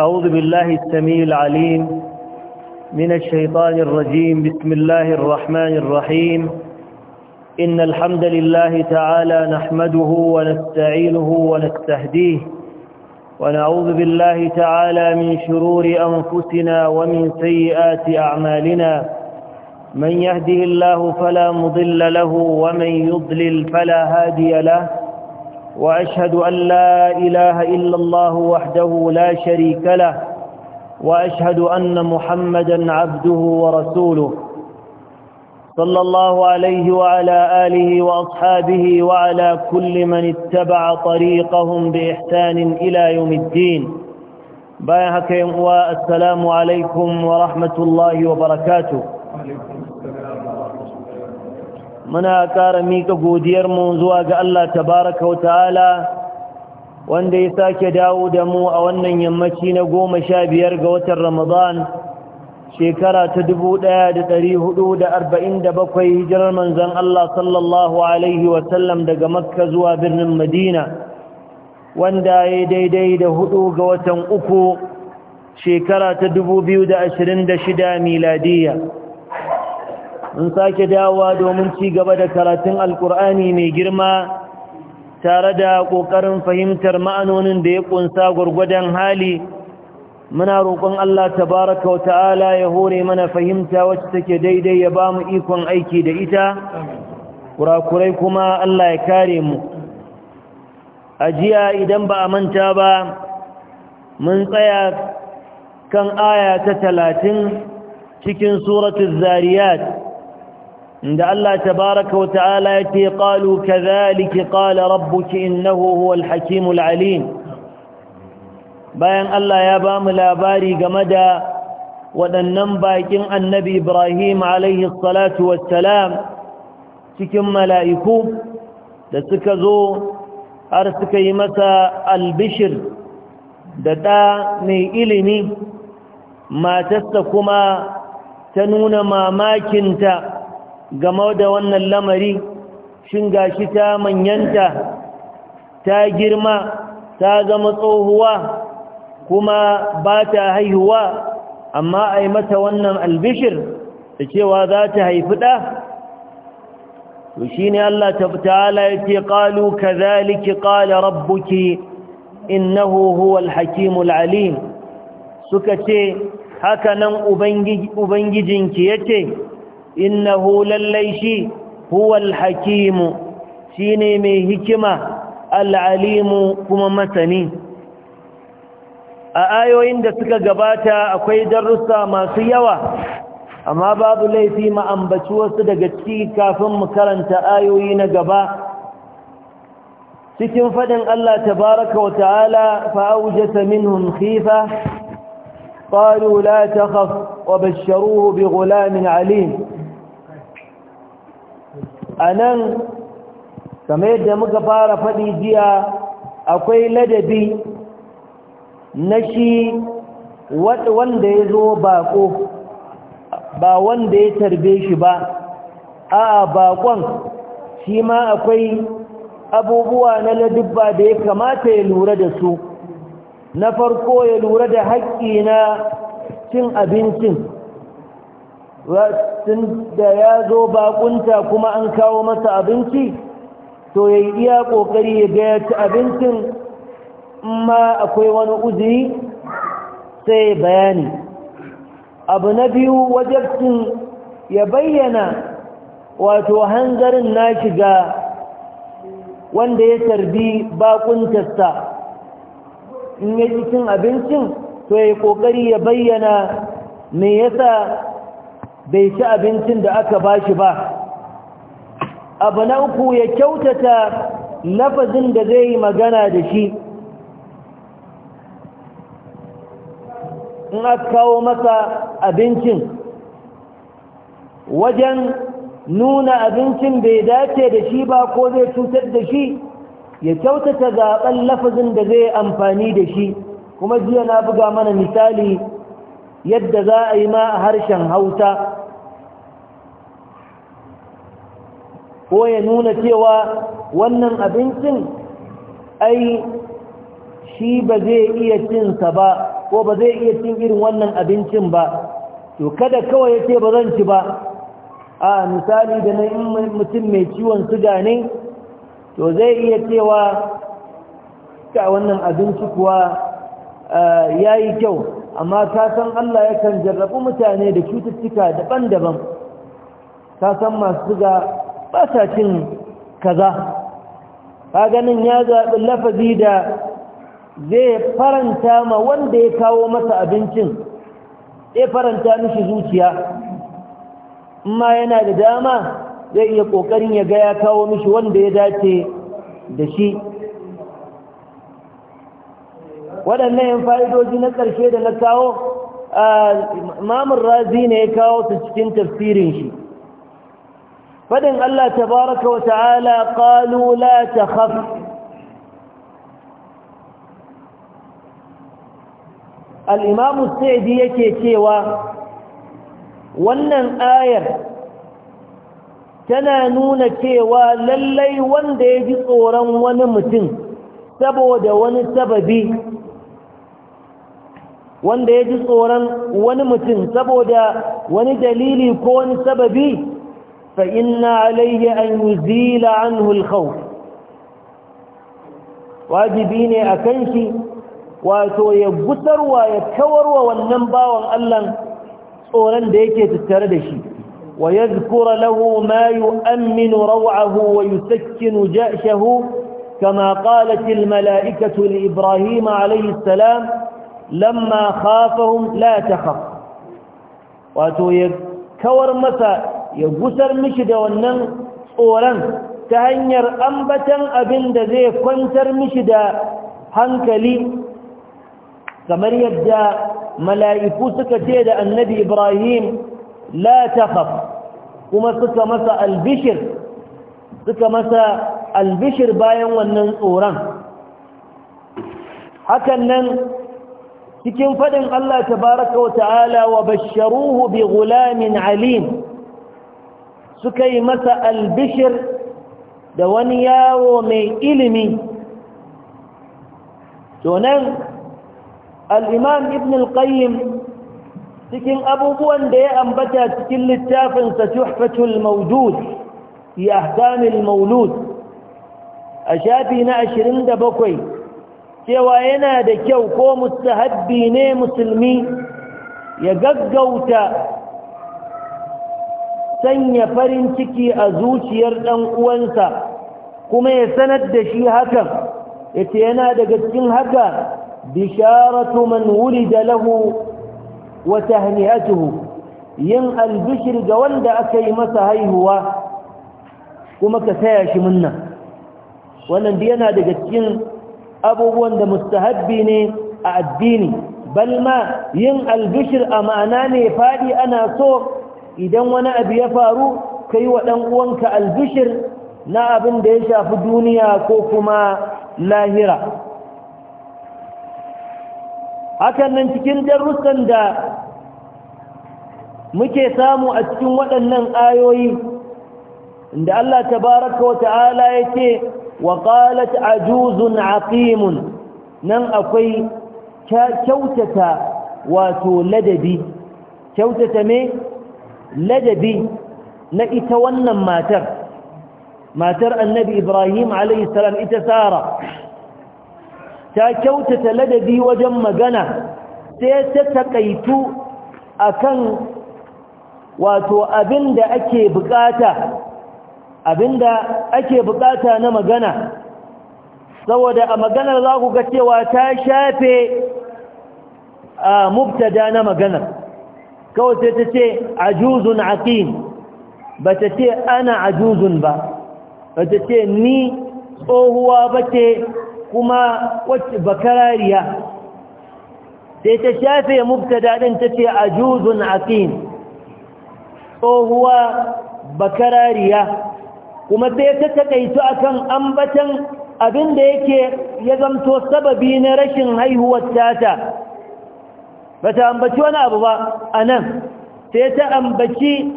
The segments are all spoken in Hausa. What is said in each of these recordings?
أعوذ بالله السميع العليم من الشيطان الرجيم بسم الله الرحمن الرحيم إن الحمد لله تعالى نحمده ونستعينه ونستهديه ونعوذ بالله تعالى من شرور أنفسنا ومن سيئات أعمالنا من يهده الله فلا مضل له ومن يضلل فلا هادي له وأشهد أن لا إله إلا الله وحده لا شريك له وأشهد أن محمدا عبده ورسوله صلى الله عليه وعلى آله وأصحابه وعلى كل من اتبع طريقهم بإحسان إلى يوم الدين باهكم والسلام عليكم ورحمة الله وبركاته muna ƙara miƙa godiyarmu zuwa ga Allah tabaraka wa ta'ala wanda ya sake dawo da mu a wannan yammaci na goma sha biyar ga watan Ramadan shekara ta dubu ɗaya da ɗari hudu da arba'in da bakwai hijirar manzan Allah sallallahu Alaihi wasallam daga Makka zuwa birnin Madina wanda ya daidai da hudu ga watan uku shekara ta dubu biyu da ashirin da shida miladiyya in sake dawowa domin ci gaba da karatun alkur'ani mai girma tare da ƙoƙarin fahimtar ma'anonin da ya ƙunsa gwargwadon hali muna roƙon Allah tabaraka wa ta'ala ya hore mana fahimta wacce take daidai ya ba mu ikon aiki da ita kurakurai kuma Allah ya kare mu a jiya idan ba a manta ba mun tsaya kan aya ta talatin cikin suratul zariyat عند allah تبارك وتعالى يتي قالوا كذلك قال ربك إنه هو الحكيم العليم bayan Allah ya bamu labari game da waɗannan bakin annabi Ibrahim alaihi cikin mala'iku da suka zo har suka yi masa albishir da ɗa ilimi matarsa kuma ta nuna mamakinta game da wannan lamari shin gashi ta manyanta ta girma ta zama tsohuwa kuma ba ta haihuwa amma a mata wannan albishir da cewa za ta haifi ɗa to shi ne Allah ta'ala ya ce ƙalu ka zaliki ƙala rabbuki innahu huwal hakimul alim suka ce haka nan ubangijinki ya ce innahu lallai shi huwa alhakimu shine mai hikima al'alimu kuma masani a ayoyin da suka gabata akwai darussa masu yawa amma babu laifi mu ambaci wasu daga ciki kafin mu karanta ayoyi na gaba cikin faɗin Allah tabaraka wa ta'ala fa'aujata minhum khifa قالوا لا تخف وبشروه بغلام عليم anan kamar yadda muka fara faɗi jiya akwai ladabi na shi wanda ya zo bako ba wanda ya tarbe shi ba a bakon shi ma akwai abubuwa na ladubba da ya kamata ya lura da su na farko ya lura da haƙƙi na cin abincin tun da ya zo bakunta kuma an kawo masa abinci to ya yi iya ƙoƙari ya gaya ci abincin ma akwai wani uzuri sai bayani abu na biyu wajabcin ya bayyana wato hanzarin na shiga wanda ya tarbi bakuntarsa in ya ji cin abincin to ya ƙoƙari ya bayyana me yasa bai ci abincin da aka bashi ba abu na uku ya kyautata lafazin da zai yi magana da shi in aka kawo masa abincin wajen nuna abincin bai dace da shi ba ko zai cutar da shi ya kyautata zaɓen lafazin da zai amfani da shi kuma jiya na buga mana misali yadda za a yi ma a harshen hauta. ko ya nuna cewa wannan abincin ai shi ba zai iya cinsa ba ko ba zai iya cin irin wannan abincin ba to kada kawai ya ce ba zan ci ba a misali da na yi mutum mai ciwon suga ne to zai iya cewa ka wannan abinci kuwa yayi kyau amma ka san Allah yakan jarrabu mutane da cututtuka daban-daban ka san masu suga ba sa cin kaza ka ganin ya zaɓi lafazi da zai faranta ma wanda ya kawo masa abincin zai faranta mishi zuciya Amma yana da dama zai iya ƙoƙarin ya gaya ya kawo mishi wanda ya dace da shi waɗannan 'yan fa'idoji na ƙarshe da na kawo imamun razi ne ya kawo su cikin tafsirin shi faɗin Allah tabaraka wa ta'ala ƙalula ta haf al'imamu sai yake cewa wannan ayar tana nuna cewa lallai wanda ya ji tsoron wani mutum saboda wani sababi wanda ya ji tsoron wani mutum saboda wani dalili ko wani sababi fa inna alayhi an yuzila anhu al wajibi ne akan shi wato ya gutarwa ya kawarwa wannan bawan Allah tsoron da yake tattare da shi ويذكر له ما يؤمن روعه ويسكن جأشه كما قالت الملائكة لإبراهيم عليه السلام لما خافهم لا تخف واتو يكور مسا يبسر مشد ونن صورا تهنير أنبتا أبند ذي فانتر مشد هنكلي كما يبدأ ملائكوسك تيد النبي إبراهيم la takhaf kuma suka masa albishir suka masa albishir bayan wannan tsoron hakan nan cikin fadin Allah tabaraka wa ta'ala wa basharuhu bi gulamin alim suka yi masa albishir da wani yawo mai ilimi to nan al-imam ibn al-qayyim cikin abubuwan da ya ambata cikin littafinsa tuhfatul maudud fi ahkamil maulud a shafi na 27 cewa yana da kyau ko mustahabbi ne musulmi ya gaggauta sanya farin ciki a zuciyar dan uwansa kuma ya sanar da shi hakan yace yana daga cikin haka bisharatu man wulida lahu wa tahniyatuhu yin albishir ga wanda aka yi masa haihuwa kuma ka taya shi munna wannan da yana daga cikin abubuwan da mustahabbi ne a addini Balma yin albishir a ma'ana ne faɗi ana so idan wani abu ya faru yi wa dan uwanka albishir na abin da ya shafi duniya ko kuma lahira hakan nan cikin darussan da muke samu a cikin waɗannan ayoyi inda Allah tabaraka wa ta'ala yake wa qalat ajuzun aqimun nan akwai kyautata wato ladabi kyautata me ladabi na ita wannan matar matar annabi Ibrahim alayhi salam ita Sara ta kyautata ladabi wajen magana sai ta takaitu kan wato abin ake bukata abinda ake bukata na magana saboda a maganar za ku ga cewa ta shafe a mubtada na maganar kawai sai ta ce ajuzun aqim ba ta ce ana ajuzun ba ba ta ce ni tsohuwa ba ce kuma wacce bakarariya sai ta shafe mubtada din tace ajuzun aqim tsohuwa bakarariya kuma sai ta takaitu akan ambatan abinda yake ya zamto sababi na rashin haihuwar tata bata ambaci wani abu ba anan sai ta ambaci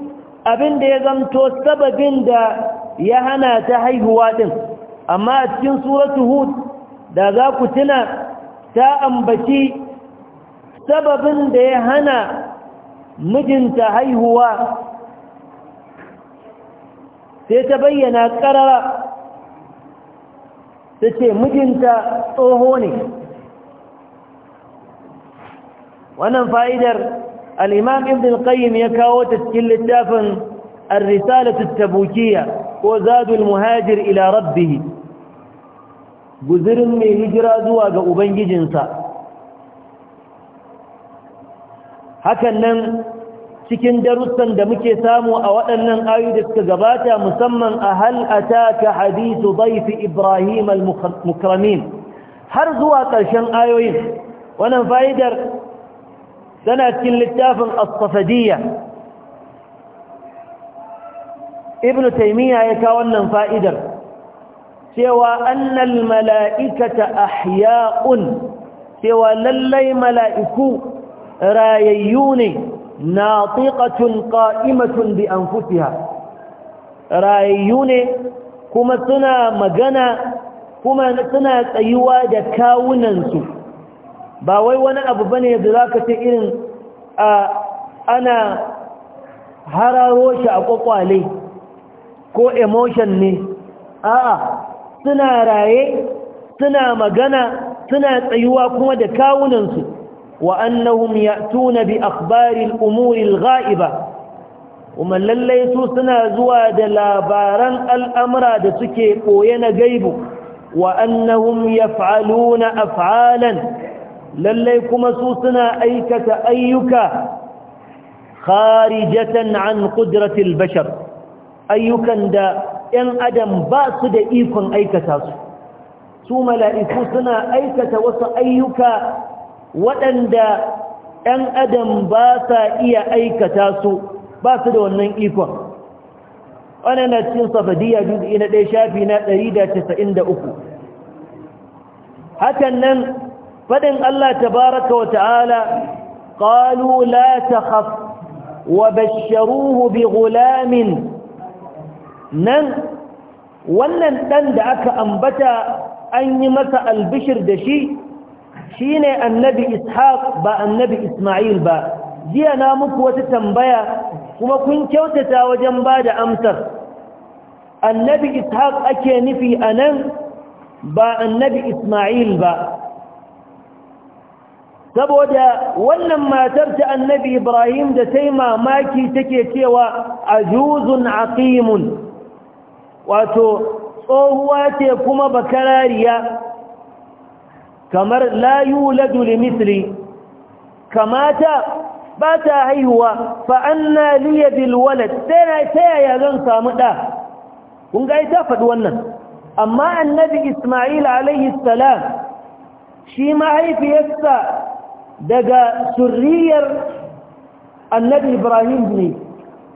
abinda ya zamto sababin da ya hana ta haihuwa din amma a cikin suratu hud da za ku tuna ta ambaci sababin da ya hana mijinta haihuwa sai ta bayyana ƙarara ta ce mijinta tsoho ne wannan fa'idar al'imam ibn al-qayyim ya kawo ta cikin littafin الرسالة التبوكية وزاد المهاجر إلى ربه guzirin mai hijira zuwa ga ubangijinsa hakan nan cikin darussan da muke samu a waɗannan ayu suka gabata musamman a hal'ata ka hadisu daifi ibrahim al-mukramin har zuwa ƙarshen ayoyin wannan fa'idar tana cikin littafin as ibnu taymiya ya kawo wannan fa'idar cewa annal mala'ikata ahya'un cewa lallai mala'iku rayayyu ne natiqatun qa'imatun bi anfusiha rayayyu ne kuma suna magana kuma suna tsayuwa da kawunansu ba wai wani abu bane da zaka ce irin ana hararo shi a ƙwaƙwale ko emotion ne a'a suna raye suna magana suna tsayuwa kuma da kawunansu wa annahum ya'tuna bi akhbari al-umuri al-ghaiba kuma lalle su suna zuwa da labaran al'amura da suke koye na gaibu wa annahum yaf'aluna af'alan lalle kuma su suna aikata ayyuka kharijatan an qudratil bashar ayyukan da ‘yan adam ba su da ikon aikata su su mala'iku suna aikata wasu ayyuka waɗanda ‘yan adam ba sa iya aikata su ba su da wannan ikon wani na cikin safadiyya juzi na ɗaya shafi na 193 hakan nan faɗin Allah tabaraka wa ta'ala ƙalu la ta haf wa basharuhu bi gulamin nan wannan ɗan da aka ambata an yi masa albishir da shi shi ne annabi ishaq ba annabi ismail ba jiya na muku wata tambaya kuma kun kyautata wajen ba da amsar annabi ishaq ake nufi a nan ba annabi ismail ba saboda wannan matar ta annabi ibrahim da ta yi mamaki take cewa ajuzun aqimun wato tsohuwa ce kuma bakarariya kamar Layu yuladu limisli kamata ba ta haihuwa fa anna liyadil ta yaya zan samu ɗa kun ga ita faɗi wannan amma annabi isma'il alayhi shi mahaifiyarsa daga surriyar annabi ibrahim ne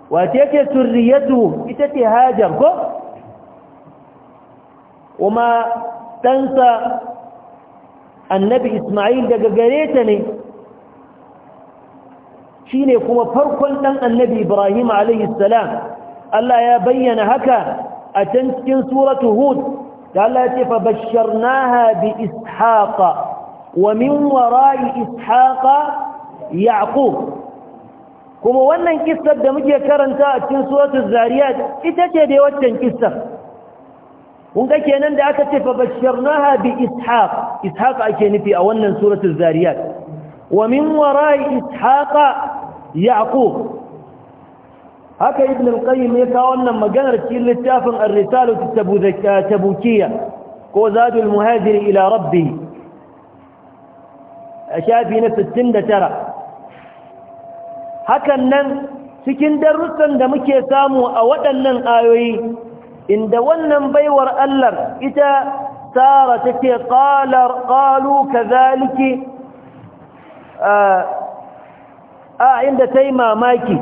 wace ce surriyatu ita ce hajar ko kuma ɗansa annabi ismail daga gare ta ne shi ne kuma farkon ɗan annabi ibrahim alaihissalam Allah ya bayyana haka a can cikin suratu hud da Allah ya ce fa basharnaha bi ishaqa wa min wara'i ishaqa yaqub kuma wannan kissar da muke karanta a cikin suratu zariyat ita ce dai waccan kissar kun ga kenan da aka ce fa basharnaha bi ishaq ishaq ake nufi a wannan suratul zariyat wa min wara'i ishaqa yaqub haka ibn al-qayyim ya kawo wannan maganar cikin littafin ar-risalatu eh, tabukiyya ko zadul muhajir ila rabbi a shafi na 69 hakan nan cikin darussan da muke samu a waɗannan ayoyi inda wannan baiwar Allah ita sara take qala qalu kadhaliki a inda tai mamaki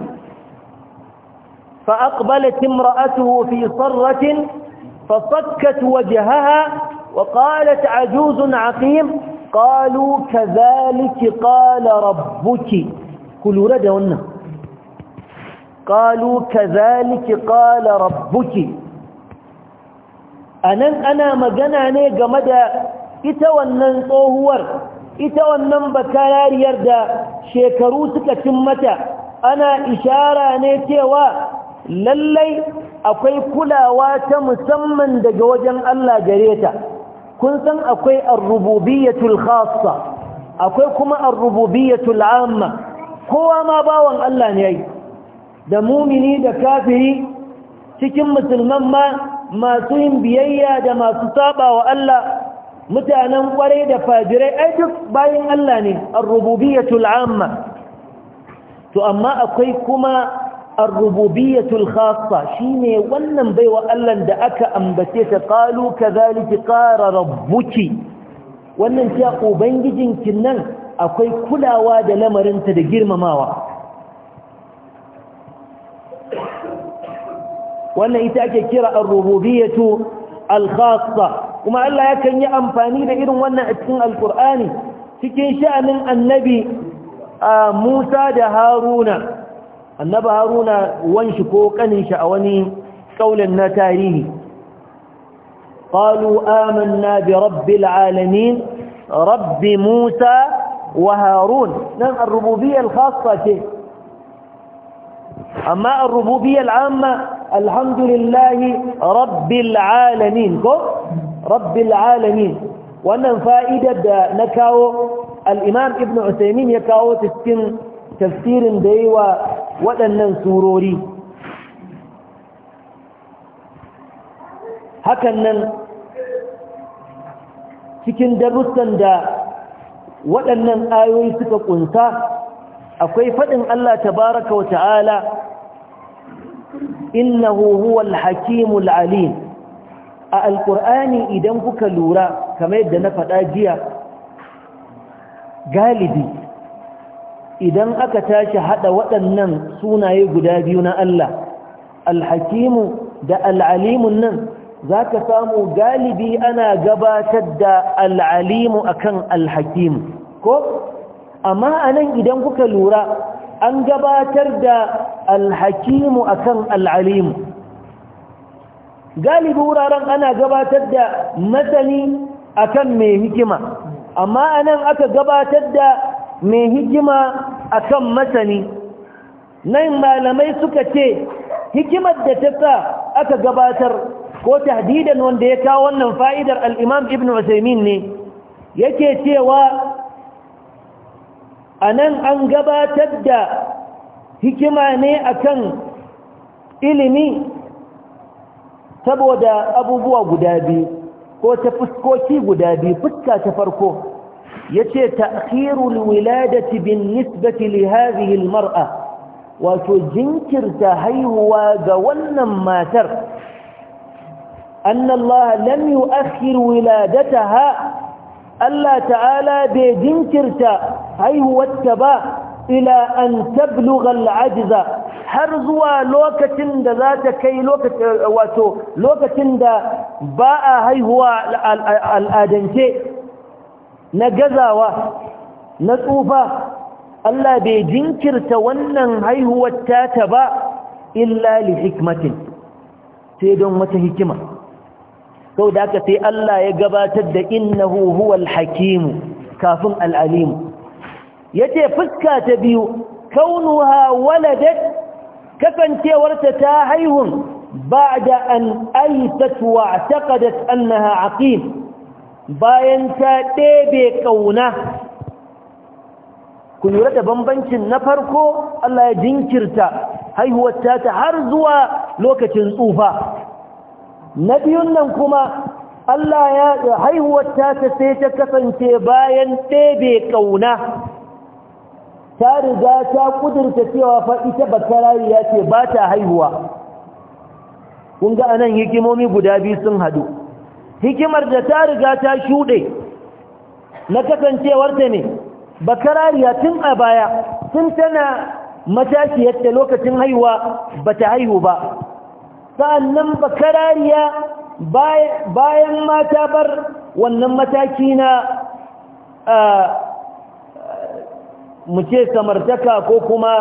fa aqbalat imra'atuhu fi sarratin fasakkat wajhaha wa qalat ajuzun aqim qalu kadhaliki qala rabbuki kulura da wannan qalu kadhaliki qala rabbuki a nan ana magana ne game da ita wannan tsohuwar ita wannan bakarariyar da shekaru suka cin mata ana ishara ne cewa lallai akwai kulawa ta musamman daga wajen Allah gare ta kun san akwai ar-rububiyyatul khassa akwai kuma ar-rububiyyatul amma kowa ma bawan Allah ne yayi da mumini da kafiri cikin musulman ma masu yin biyayya da masu saba wa Allah mutanen kwarai da fajirai ai duk bayan Allah ne ar-rububiyyatul amma to amma akwai kuma ar-rububiyyatul khassa shine wannan baiwa Allah da aka ambace ta qalu kadhalika qara rabbuki wannan cewa ubangijinkin nan akwai kulawa da lamarinta da girmamawa wannan ita ake kira ar-rububiyyatu al-khassa kuma Allah yakan yi amfani da irin wannan a cikin al-Qur'ani cikin sha'anin annabi Musa da Haruna annabi Haruna wanshi ko kanin shi a wani kaulin na tarihi qalu amanna bi rabbil alamin Musa wa Harun nan ar رب al-khassa ce amma ar أما al-amma alhamdulillahi rabbil alamin ko rabbil alamin wannan fa'idar da na kawo al-imam ibn usaymin ya kawo cikin tafsirin da yayi wa waɗannan surori hakan nan cikin darussan da waɗannan ayoyi suka kunsa akwai faɗin Allah tabaraka wa ta'ala innahu huwal hakimul alim a alkur'ani idan kuka lura kamar yadda na faɗa jiya galibi idan aka tashi haɗa waɗannan sunaye guda biyu na Allah alhakimu da al'alimun nan zaka samu galibi ana gabatar da al'alimu akan alhakimu ko amma anan idan kuka lura an gabatar da alhakimu akan al'alimu galibi wuraren ana gabatar da masani akan mai hikima amma anan aka gabatar da mai hikima akan masani nan malamai suka ce hikimar da ta sa aka gabatar ko tahdidan wanda ya kawo wannan fa'idar al'imam ibn Usaimin ne yake cewa a nan an gabatar da hikima ne akan ilimi saboda abubuwa guda biyu ko ta fuskoki guda biyu fuska ta farko yace ta'khirul wiladati bin nisbati li hadhihi mar'a wato jinkirta haihuwa ga wannan matar أن الله لم يؤخر ha? Allah ta'ala bai jinkirta haihuwarta ba ila an tablugha al'ajza har zuwa lokacin da za ta kai lokacin wato lokacin da ba a haihuwa al'adance na gazawa na tsufa Allah bai jinkirta wannan haihuwar ta ba illa li hikmatin sai don wata hikima sau da aka sai Allah ya gabatar da innahu huwal hakimu kafin al'alimu ya ce fuska ta biyu kaunuha waladat kasancewarta ta haihun ba da an aitatuwa ta ƙadat annaha aqim bayan ta ɗebe ƙauna ku lura da bambancin na farko Allah ya jinkirta haihuwar ta har zuwa lokacin tsufa na biyun nan kuma Allah ya haihuwar ta sai ta kasance bayan ɗebe ƙauna ta riga ta ƙudurta cewa fa bakarari ya ce ba ta haihuwa ƙunga anan hikimomi guda biyu sun hadu hikimar da ta riga ta shuɗe na kasancewarta ne bakarariya tun a baya tun tana matashiyarta lokacin haihuwa ba ta haihu ba sa'annan bakarariya bayan mata bar wannan mataki na mu samartaka ko kuma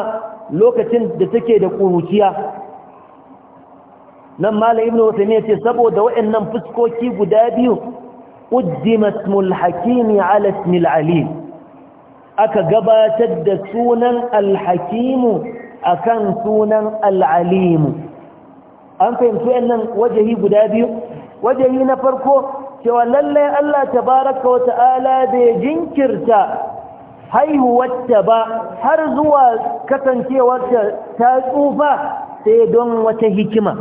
lokacin da take da ƙuruciya nan malam ibnu wasanni ce saboda waɗannan fuskoki guda biyu uddimat mulhakimi ala alim aka gabatar da sunan alhakimu akan sunan alalimu an fahimci wannan wajahi guda biyu wajahi na farko cewa lallai Allah tabaraka wa ta'ala bai jinkirta haihuwarta ba har zuwa kasancewarta ta tsufa sai don wata hikima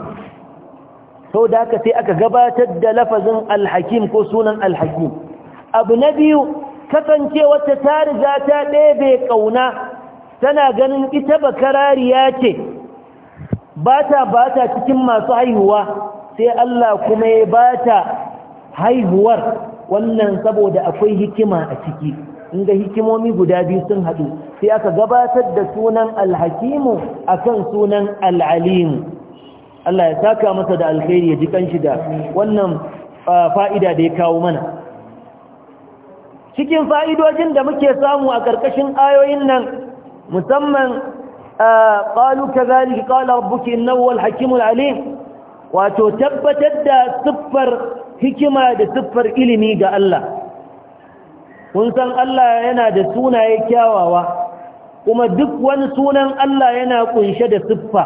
sau da haka sai aka gabatar da lafazin alhakim ko sunan alhakim abu na biyu kasancewarta ta riga ta ɗebe ƙauna tana ganin ita bakarariya ce ba ta ba ta cikin masu haihuwa sai Allah kuma ya ba ta haihuwar wannan saboda akwai hikima a ciki In ga hikimomi guda biyu sun haɗu sai aka gabatar da sunan alhakimu akan sunan al'alimu Allah ya saka masa da alkhairi ya ji kanshi da wannan fa'ida da ya kawo mana cikin fa'idojin da muke samu a ƙarƙashin ayoyin nan musamman قالوا كذلك قال ربك إنه هو الحكيم العليم wato tabbatar da siffar hikima da siffar ilimi ga Allah kun san Allah yana da sunaye kyawawa kuma duk wani sunan Allah yana kunshe da siffa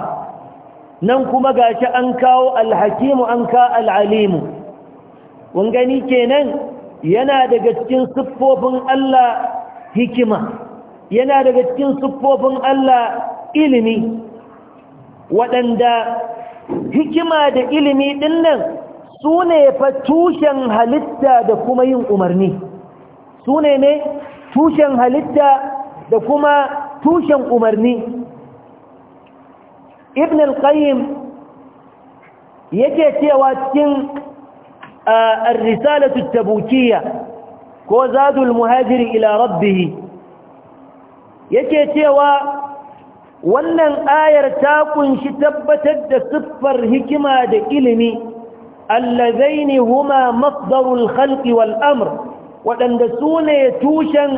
nan kuma ga shi an kawo alhakimu an ka alalimu kun gani kenan yana daga cikin siffofin Allah hikima yana daga cikin siffofin Allah ilimi waɗanda hikima da ilimi ɗin nan su ne fa tushen halitta da kuma yin umarni su ne ne tushen halitta da kuma tushen umarni ibn al-qayyim yake cewa cikin ar-risalatu tabukiyya ko zadul muhajiri ila rabbihi yake cewa wannan ayar ta kunshi tabbatar da siffar hikima da ilimi allazaini huma masdarul khalqi wal amr wadanda sune tushen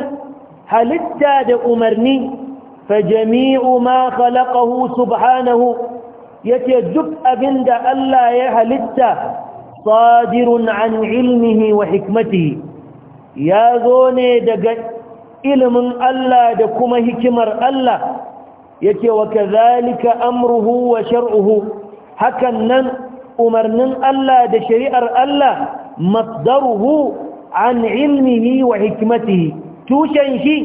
halitta da umarni fa jami'u ma khalaqahu subhanahu yace duk abinda Allah ya halitta sadirun an ilmihi wa hikmatihi ya zo ne daga ilimin Allah da kuma hikimar Allah yace wa kazalika amruhu wa shar'uhu hakan nan umarnin Allah da shari'ar Allah masdaruhu an ilmihi wa hikmatihi tushen shi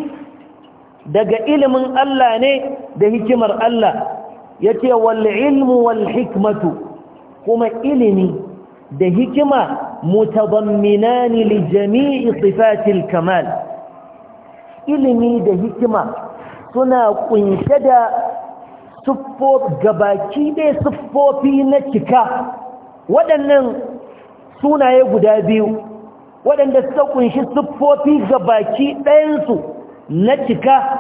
daga ilimin Allah ne da hikimar Allah yace wal ilmu wal hikmatu kuma ilimi da hikima mutadamminan li jami'i sifatil kamal ilimi da hikima suna kunshe da gabaki ɗaya siffofi na cika waɗannan sunaye guda biyu waɗanda suka kunshi siffofi gabaki ɗayansu na cika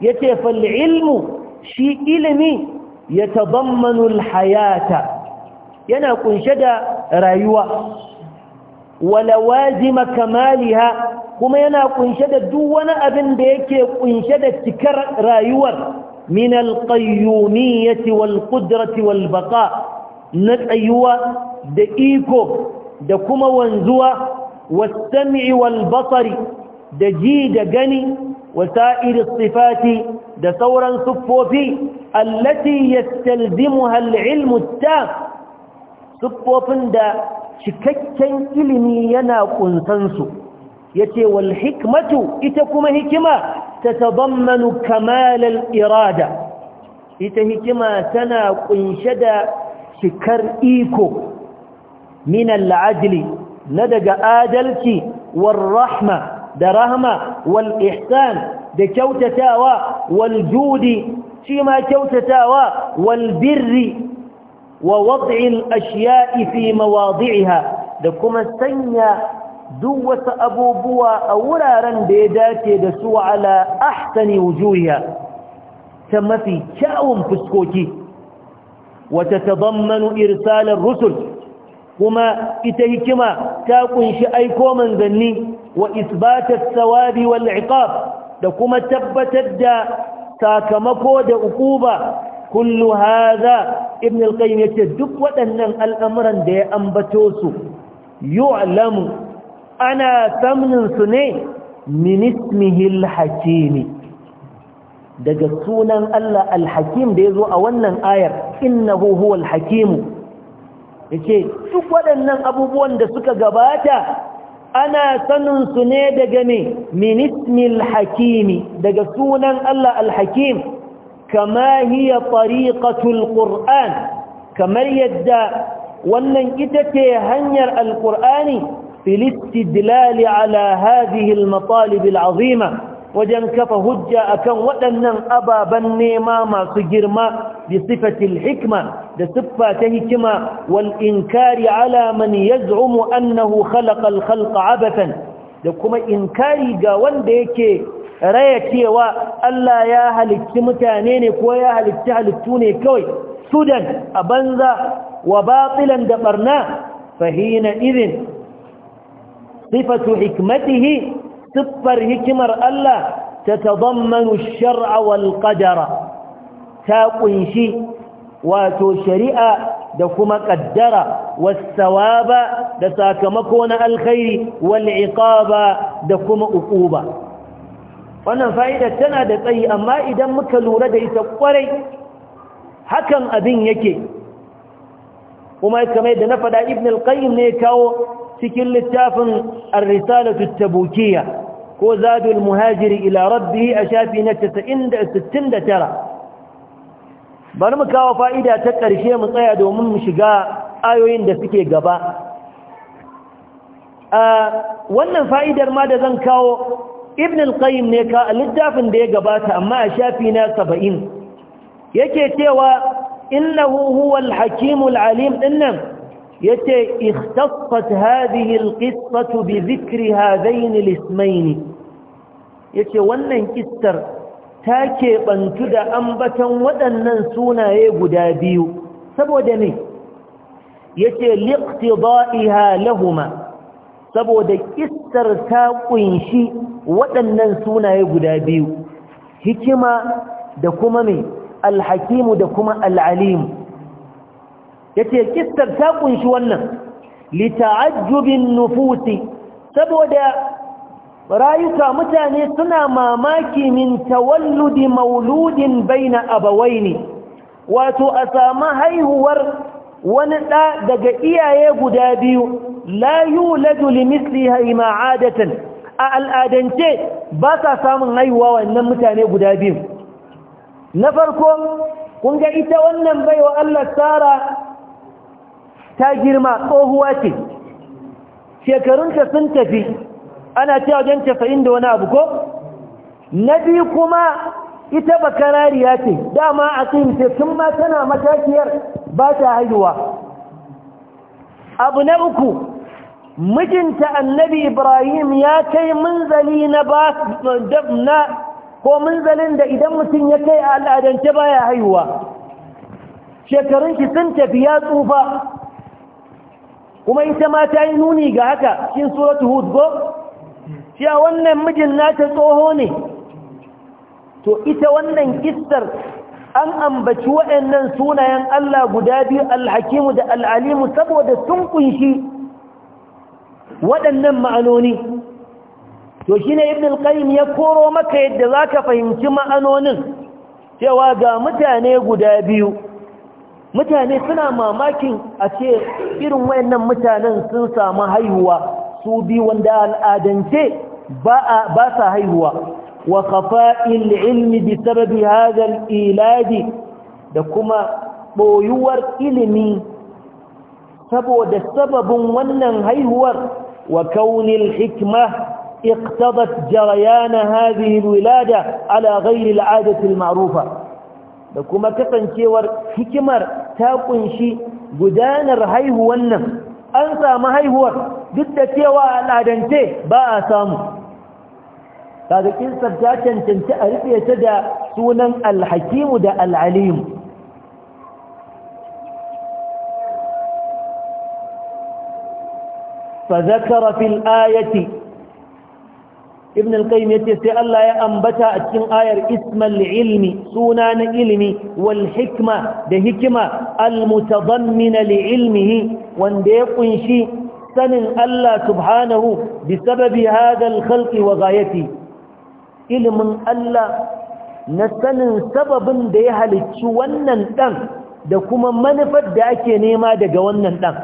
ya ce ilmu shi ilimi ya tabammanul hayata yana kunshe da rayuwa walawazima kamaliha kuma yana kunshe da duk wani abin da yake kunshe da cikar rayuwar min alqayyumiyyati wal qudrati wal baqa na tsayuwa da iko da kuma wanzuwa was-sam'i wal basari da ji da gani wa sifati da sauran siffofi allati yastalzimuha al-ilmu at-tam siffofin da cikakken ilimi yana su. yace wal hikmatu ita kuma hikima ta tabammanu kamalar irada ita hikima tana kunshe da cikar iko minan al na daga adalci warrahma da rahma wal ihsan da kyautatawa wal judi shi ma kyautatawa wal birri wa wad'i al ashiya'i fi mawadi'iha da kuma sanya duk wasu abubuwa a wuraren da ya dace da su ala ahsani wujuhiha ta mafi kyawun fuskoki wata tabammanu irsalar rusul kuma ita hikima ta kunshi aiko manzanni wa isbatar sawabi wal iqab da kuma tabbatar da sakamako da ukuba kullu hadha ibn al-qayyim yace duk waɗannan al'amuran da ya ambato su yu'lamu ana samnin ne minismihil hakimi daga sunan Allah alhakim da ya zo a wannan ayar inna huwal hakimu yace duk waɗannan abubuwan da suka gabata ana sanin ne daga me minismil hakimi daga sunan Allah alhakim kama hiya kamar yadda wannan ita ce hanyar alƙur'ani في الاستدلال على هذه المطالب العظيمة وجن كف هجة أكن ودنن أبا بني ما سجرما بصفة الحكمة بصفة هكمة والإنكار على من يزعم أنه خلق الخلق عبثا لكم إنكاري قاوان ديكي raya cewa Allah ya halicci mutane ne ko ya halicci halittu ne kawai sudan a banza wa batilan da barna fahina irin sifatu hikmatihi siffar hikimar Allah ta ash-shar'a wal qadara ta ƙunshi wato shari'a da kuma ƙaddara was-sawaba da sakamako na alkhairi wal 'iqaba da kuma uquba wannan fa'ida tana da tsayi amma idan muka lura da ita kwarai hakan abin yake kuma kamar da na faɗa ibn al-qayyim ne kawo cikin littafin ar-risalatu ko zadul muhajiri ila rabbih a shafi na 69 bari mu kawo fa'ida ta ƙarshe mu tsaya domin mu shiga ayoyin da suke gaba wannan fa'idar ma da zan kawo ibn al-qayyim ne ka a littafin da ya gabata amma a shafi na saba'in yake cewa innahu huwa al-hakimul alim dinnan yace ikhtaffat hadhihi alqissatu bi dhikri hadain alismain yace wannan kissar ta keɓantu da ambaton waɗannan sunaye guda biyu saboda ne yace liqtida'iha lahuma saboda kissar ta kunshi waɗannan sunaye guda biyu hikima da kuma me alhakimu da kuma al'alimu yace kistar ta kunshi wannan lita'ajjubin nufusi saboda rayuka mutane suna mamaki min tawalludi mauludin baina abawaini wato a samu haihuwar wani ɗa daga iyaye guda biyu la yuladu limislihi ma'adatan a al'adance ba sa samun haihuwa wannan mutane guda biyu na farko kun ga ita wannan baiwa Allah tsara ta girma tsohuwa ce shekarunta sun tafi ana cewa wajen casa'in da wani abu ko na biyu kuma ita bakarariya ce dama a tsince sun ma tana matakiyar ba ta haihuwa abu na uku mijinta annabi ibrahim ya kai munzali na ba na ko munzalin da idan mutum ya kai a al'adance baya haihuwa Shekarunki sun tafi ya tsufa kuma ita ma ta yi nuni ga haka cikin suratu hud go cewa wannan mijin nata tsoho ne to ita wannan kissar an ambaci waɗannan sunayen Allah guda biyu alhakimu da al'alimu saboda sun kunshi waɗannan ma'anoni to shi ne ibn al ya koro maka yadda za ka fahimci ma'anonin cewa ga mutane guda biyu mutane suna mamakin a ce irin wayannan mutanen sun samu haihuwa su bi wanda al'adance ba sa haihuwa wa khafa'il ilmi bi sababi hadha iladi da kuma boyuwar ilimi saboda sababin wannan haihuwar wa kaunil hikma اقتضت جريان هذه الولادة على غير العادة da kuma kasancewar hikimar ta kunshi gudanar haihuwar nan an samu haihuwar duk da cewa al'adance ba a samu kaga kinsar ta cancanci a rufe ta da sunan alhakimu da al'alimu فذكر في الآية ibn al-qayyim yace sai Allah ya ambata a cikin ayar ismal ilmi suna na ilimi wal hikma da hikima al mutadammina li ilmihi wanda ya kunshi sanin Allah subhanahu bi sababi hada al khalqi wa ghayati ilmin Allah na sanin sababin da ya halicci wannan dan da kuma manufar da ake nema daga wannan dan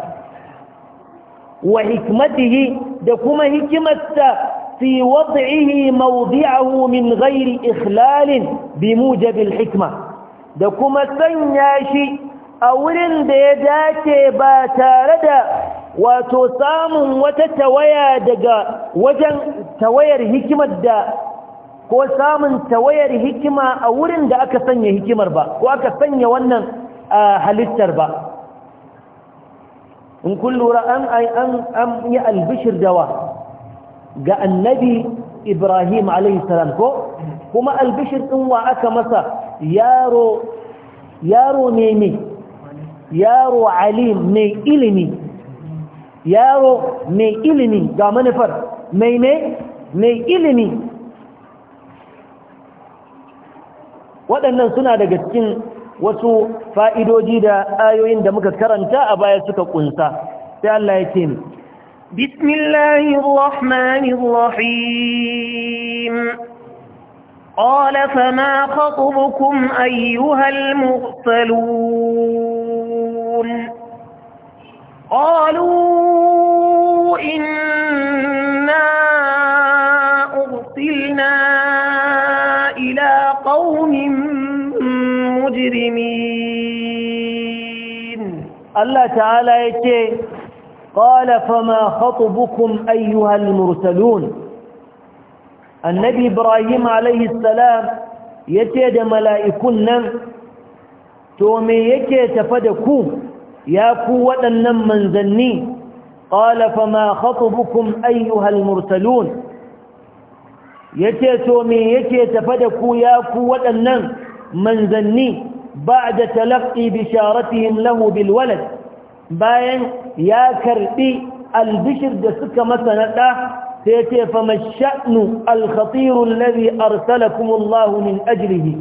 wa hikmatihi da kuma hikimarsa في وضعه موضعه من غير إخلال بموجب الحكمة da kuma sanya shi a wurin da ya dace ba tare da wato samun wata tawaya daga wajen tawayar hikimar da ko samun tawayar hikima a wurin da aka sanya hikimar ba ko aka sanya wannan halittar ba in kun lura an yi albishir dawa ga annabi ibrahim salam ko kuma albishir ɗin wa aka masa yaro yaro ne ne yaro alim mai ilimi yaro mai ilimi ga manufar mai ne mai ilimi waɗannan suna daga cikin wasu fa'idodi da ayoyin da muka karanta a baya suka ƙunsa sai Allah ya ce بسم الله الرحمن الرحيم قال فما خطبكم أيها المرسلون قالوا إنا أرسلنا إلى قوم مجرمين الله تعالى يتيه قال فما خطبكم أيها المرسلون النبي إبراهيم عليه السلام يتيد ملائكنا تومي يكيتفدكم يا قوة من ذني قال فما خطبكم أيها المرسلون يتيتومي يكيتفدكم يا قوة من ذني بعد تلقي بشارتهم له بالولد bayan ya karbi albishir da suka masa nada sai ce fa mashanu alkhatir alladhi arsalakum Allah min ajlihi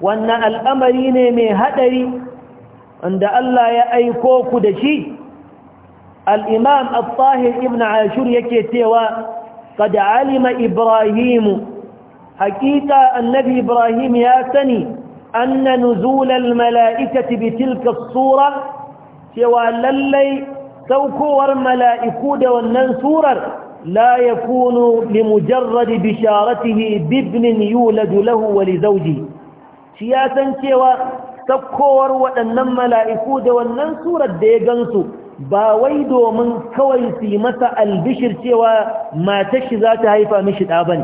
wannan al'amari ne mai hadari wanda Allah ya aiko ku da shi al-imam at-tahir ibn ashur yake cewa qad alima ibrahim haqiqa annabi ibrahim ya sani anna nuzul al-mala'ikati bi tilka as-sura cewa lallai saukowar mala'iku da wannan surar la yakunu li mujarradi bisharatihi bibnin yuladu lahu wa zauji, shi ya san cewa saukowar waɗannan mala'iku da wannan surar da ya gansu ba wai domin kawai su masa albishir cewa matar shi za ta haifa mishi ɗa ba,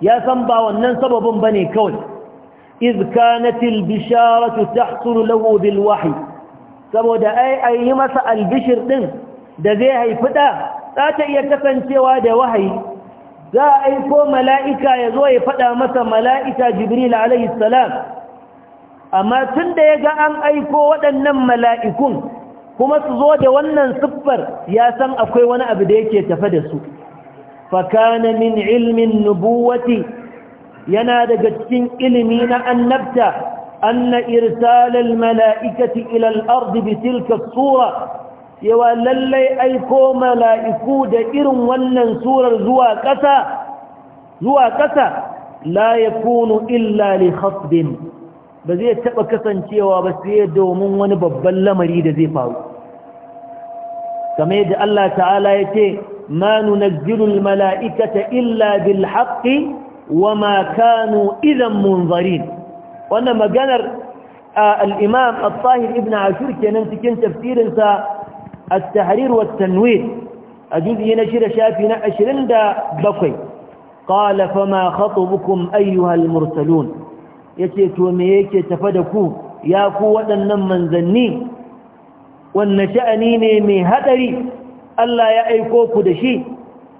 ya san ba wannan sababin bane kawai iz kanatil bisharatu tahsulu lahu bil wahyi saboda ai a yi masa albishir ɗin da zai haifi ɗa za ta iya kasancewa da wahayi za a aiko mala'ika ya zo ya faɗa masa mala'ika jibril alaihissalam amma tun da ya ga an aiko waɗannan mala'ikun kuma su zo da wannan siffar ya san akwai wani abu da yake tafe da su fakana min ilmin nubuwati yana daga cikin ilimi na annabta أن إرسال الملائكة إلى الأرض بتلك الصورة يوى للي أيكو ملائكو دئر ونن سورة زوى كسا زوى كسا لا يكون إلا لخصب بزي يتبقى كسا شيوى بس يدومون ونبب اللمريد زي فاو كما يدى الله تعالى يتي ما ننزل الملائكة إلا بالحق وما كانوا إذا منظرين wannan maganar al-imam al-tahir ibn ashur kenan cikin tafsirinsa a tahrir wa tanwir a juz'i na shida shafi na da bakwai fama khatubukum ayyuhan al-mursalun yace to me yake tafa da ku ya ku waɗannan manzanni wannan sha'ani ne mai hadari Allah ya aiko ku da shi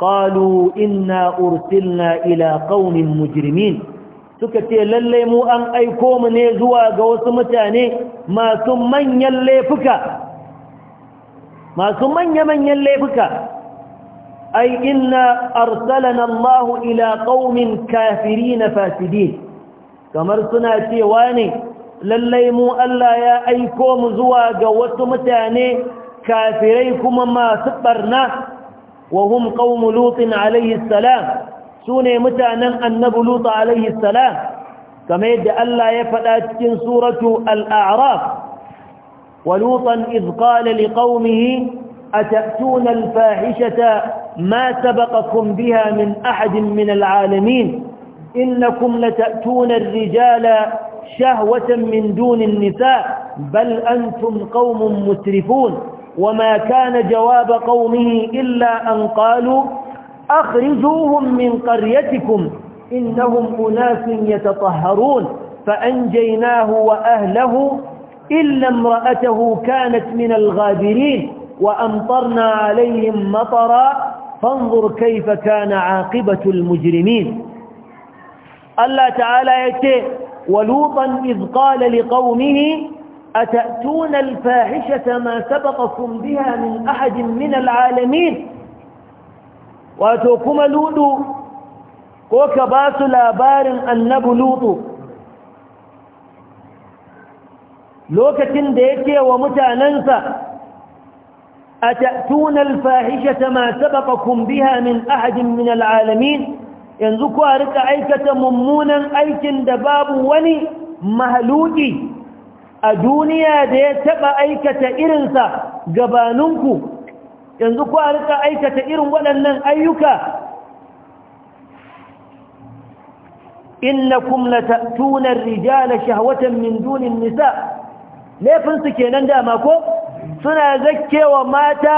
ƙalu inna ursilna ila ƙaunin mujrimin suka ce lalle mu an aiko mu ne zuwa ga wasu mutane masu manyan laifuka masu manya-manyan laifuka ai inna arsalana Allah ila qaumin na fasidin kamar suna cewa ne lalle mu Allah ya aiko mu zuwa ga wasu mutane kafirai kuma masu barna wa hum qaum lutin salam sune mutanen annabi lut alaihi salam kamar yadda Allah ya faɗa cikin suratu al-a'raf walutan iz qala liqaumihi atatuna al-fahishata ma sabaqakum biha min ahadin min al-alamin innakum latatuna ar-rijala شهوة من دون النساء بل أنتم قوم مسرفون وما كان جواب قومه إلا أن قالوا أخرجوهم من قريتكم إنهم أناس يتطهرون فأنجيناه وأهله إلا امرأته كانت من الغابرين وأمطرنا عليهم مطرا فانظر كيف كان عاقبة المجرمين الله تعالى يتي ولوطا إذ قال لقومه أتأتون الفاحشة ما سبقكم بها من أحد من العالمين wato kuma ludu ko ka ba su labarin annabu ludu lokacin da yake wa mutanensa a ta'tunan fahishata ma sabaqakum biha min ahadin min al'alamin yanzu ku rika aikata mummunan aikin da babu wani mahaluki a duniya da ya taba aikata irinsa gabaninku yanzu ku a rika aikata irin waɗannan ayyuka innakum latatuna ar-rijala shahwatan min duni nisa laifin su kenan dama ko suna zakkewa mata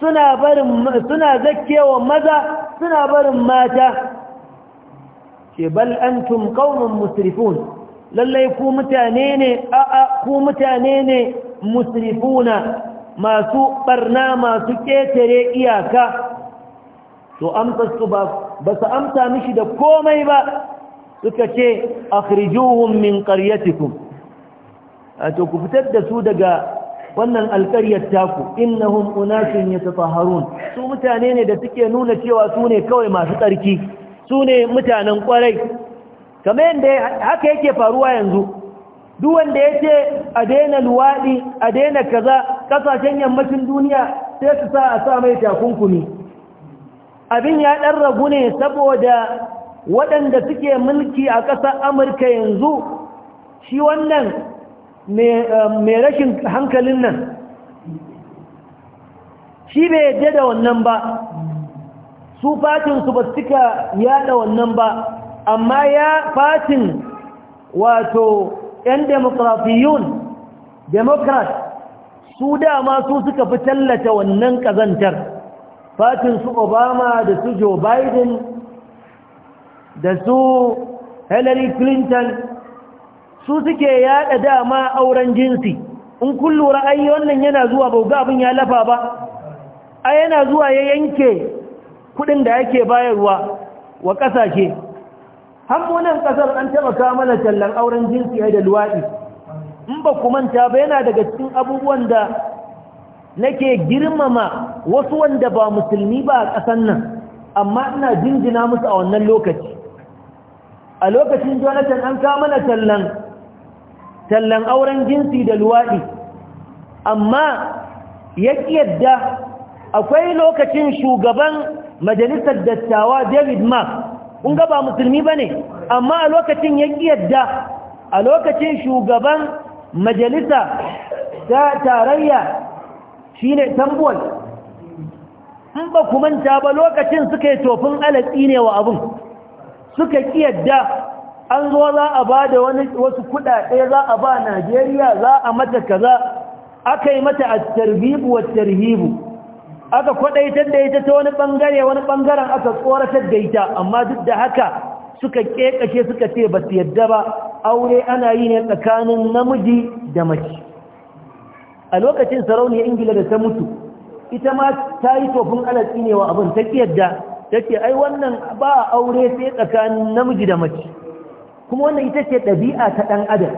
suna barin suna zakkewa maza suna barin mata ke bal antum qaumun musrifun lallai ku mutane ne ku mutane ne musrifuna masu barna masu ƙetare iyaka to amsarsu ba ba su amsa mishi da komai ba suka ce akhrijuhum min qaryatikum to ku fitar da su daga wannan alƙaryar taku innahum unasun tafaharun su mutane ne da suke nuna cewa su ne kawai masu tsarki su ne mutanen kwarai kamar yadda haka yake faruwa yanzu duk wanda ya ce a daina luwaɗi a daina kaza ƙasashen yammacin duniya sai su sa a sa mai takunkumi abin ya ɗan ragu ne saboda waɗanda suke mulki a ƙasar amurka yanzu shi wannan mai eh, rashin hankalin nan shi bai yadda da wannan ba su fatinsu ba suka yada wannan ba amma ya fatin wato 'yan demokrafiyun demokrat su dama su suka fi tallata wannan ƙazantar fatin su obama da su joe biden da su hillary clinton su suke yada dama auren jinsi in kullu ra'ayi wannan yana zuwa ba ga abin ya lafa ba ai yana zuwa ya yanke kudin da ake bayarwa wa kasashe Hamunan kasar an taimaka mana tallan auren jinsi da luwaɗi in ba ku manta ba yana daga cikin abubuwan da nake girmama wasu wanda ba musulmi ba a ƙasan nan amma ina jinjina musu a wannan lokaci a lokacin jonathan an mana tallan tallan auren jinsi da luwaɗi amma ya yadda akwai lokacin shugaban majalisar dattawa david mark kun ga ba musulmi bane amma a lokacin ya kiyarda a lokacin shugaban majalisa ta tarayya shine tambol in ba ku manta ba lokacin suka yi tofin alatsi ne wa abin suka kiyarda an zo za a ba da wasu kudade za a ba najeriya za a mata kaza aka yi mata a tarbibu wa tarhibu aka kwadaitar da ita ta wani bangare wani bangaren aka tsoratar da ita amma duk da haka suka kekashe suka ce ba su yadda ba aure ana yi ne tsakanin namiji da mace a lokacin sarauniya ingila da ta mutu ita ma ta yi tofin alaƙi ne wa abin ta yadda ta ce ai wannan ba aure sai tsakanin namiji da mace kuma wannan ita ce ɗabi'a ta ɗan adam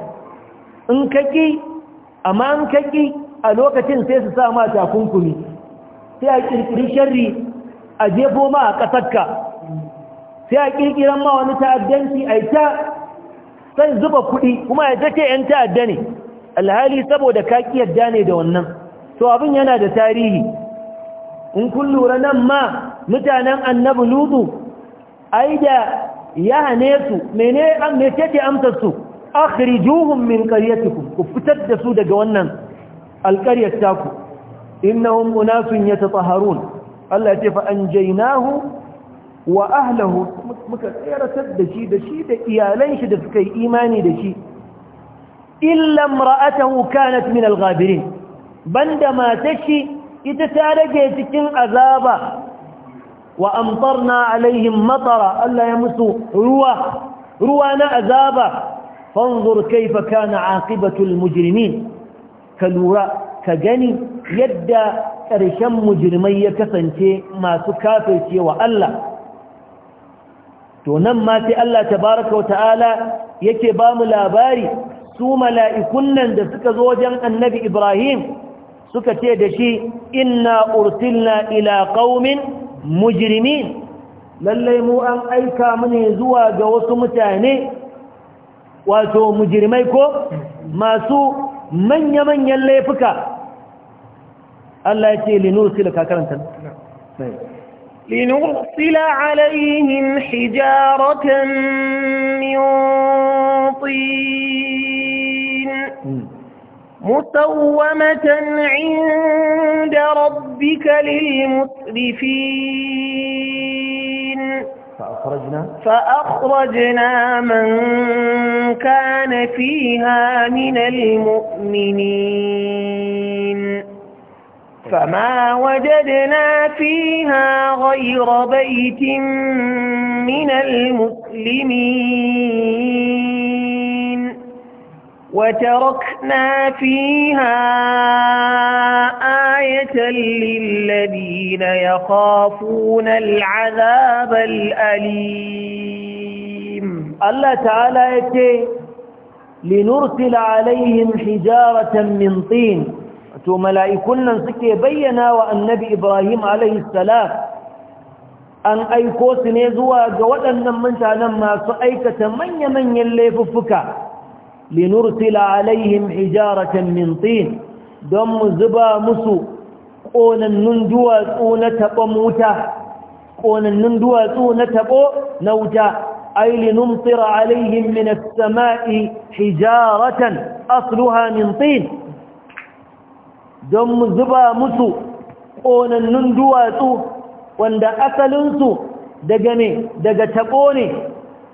in kaki amma in kaki a lokacin sai su sa ma takunkumi sai a kirkiri sharri a jefo ma a ƙasarka sai a kirkiran ma wani ta'addanci a ta san zuba kuɗi kuma ya take 'yan ta'adda ne alhali saboda ka yadda ne da wannan to abin yana da tarihi in kun lura nan ma mutanen annabi lutu ai da ya hane su mene an mecece amsar su akhrijuhum min ku fitar da su daga wannan alƙaryar taku انهم اناس يتطهرون الله يتف انجيناه واهله مكثره دشي دشي ديالين شي دكاي ايماني دشي الا امراته كانت من الغابرين بندما تشي يتتارجي تكين عذابا وامطرنا عليهم مطرا الا يمسوا روى روانا عذابا فانظر كيف كان عاقبه المجرمين كالوراء كجني yadda ƙarshen mujirmai ya kasance masu kafirce wa Allah to nan ma sai Allah tabaraka wa ta'ala yake ba mu labari su mala'ikun nan da suka zo wajen annabi Ibrahim suka ce da shi inna ursilna ila qaumin mujrimin lallai mu an aika mune zuwa ga wasu mutane wato mujirmai ko masu manya-manyan laifuka الله يتي ce linursila ka karanta لنرسل عليهم حجارة من طين مسومة عند ربك للمسرفين فأخرجنا, فأخرجنا من كان فيها من المؤمنين فما وجدنا فيها غير بيت من المسلمين وتركنا فيها آية للذين يخافون العذاب الأليم الله تعالى يتي لنرسل عليهم حجارة من طين to mala'ikun nan suke bayyana wa annabi ibrahim alaihissalam an aiko su ne zuwa ga waɗannan mutanen masu aikata manya-manyan laifuffuka linursila alaihim hijaratan min tin don mu zuba musu ƙonannun duwatsu na taɓon wuta ƙonannun duwatsu na taɓo na wuta أي لنمطر عليهم من السماء حجارة أصلها من طين don mu zuba musu ƙonannun duwatsu wanda asalinsu daga ne daga taɓo ne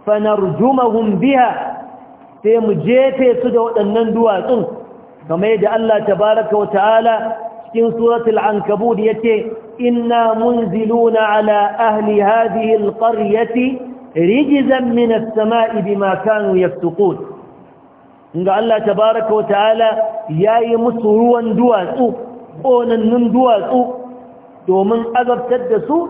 fanarjumahum sai mu jefe su da waɗannan duwatsun kamar yadda Allah tabaraka wa ta'ala cikin suratul ya ce inna munziluna ala ahli hadhihi ƙaryati rijzan min as-sama'i bima kanu yaftuqun inda Allah tabaraka wata'ala ya yi musu ruwan duwatsu ƙonannun duwatsu domin azabtar da su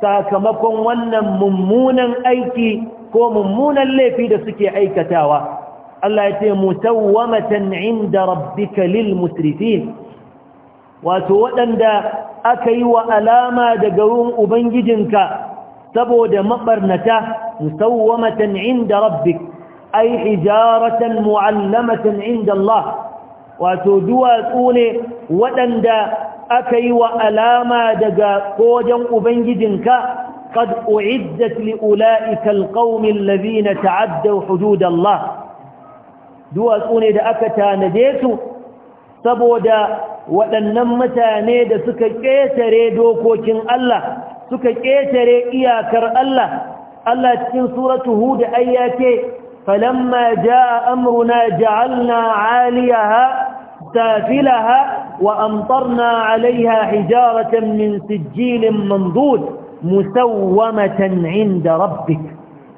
sakamakon wannan mummunan aiki ko mummunan laifi da suke aikatawa Allah ya ce mutawwamatan inda rabbika lil musrifin wato waɗanda aka yi wa alama daga ruwan ubangijinka saboda maɓarnata musawwamatan inda rabbika ai hijaratan mu'allamatan inda Allah wato duwatsu ne waɗanda aka yi wa alama daga kojan ubangijinka قد أعدت لأولئك القوم الذين تعدوا حدود الله دوا سوني دا أكتا نديسو سبو دا وأنم متاني دا سكا كيتري دوكوكين الله سكا كيتري إياكر الله الله تكين سورة هود أياتي فلما جاء أمرنا جعلنا عاليها سافلها وأمطرنا عليها حجارة من سجيل منضود مسومة عند ربك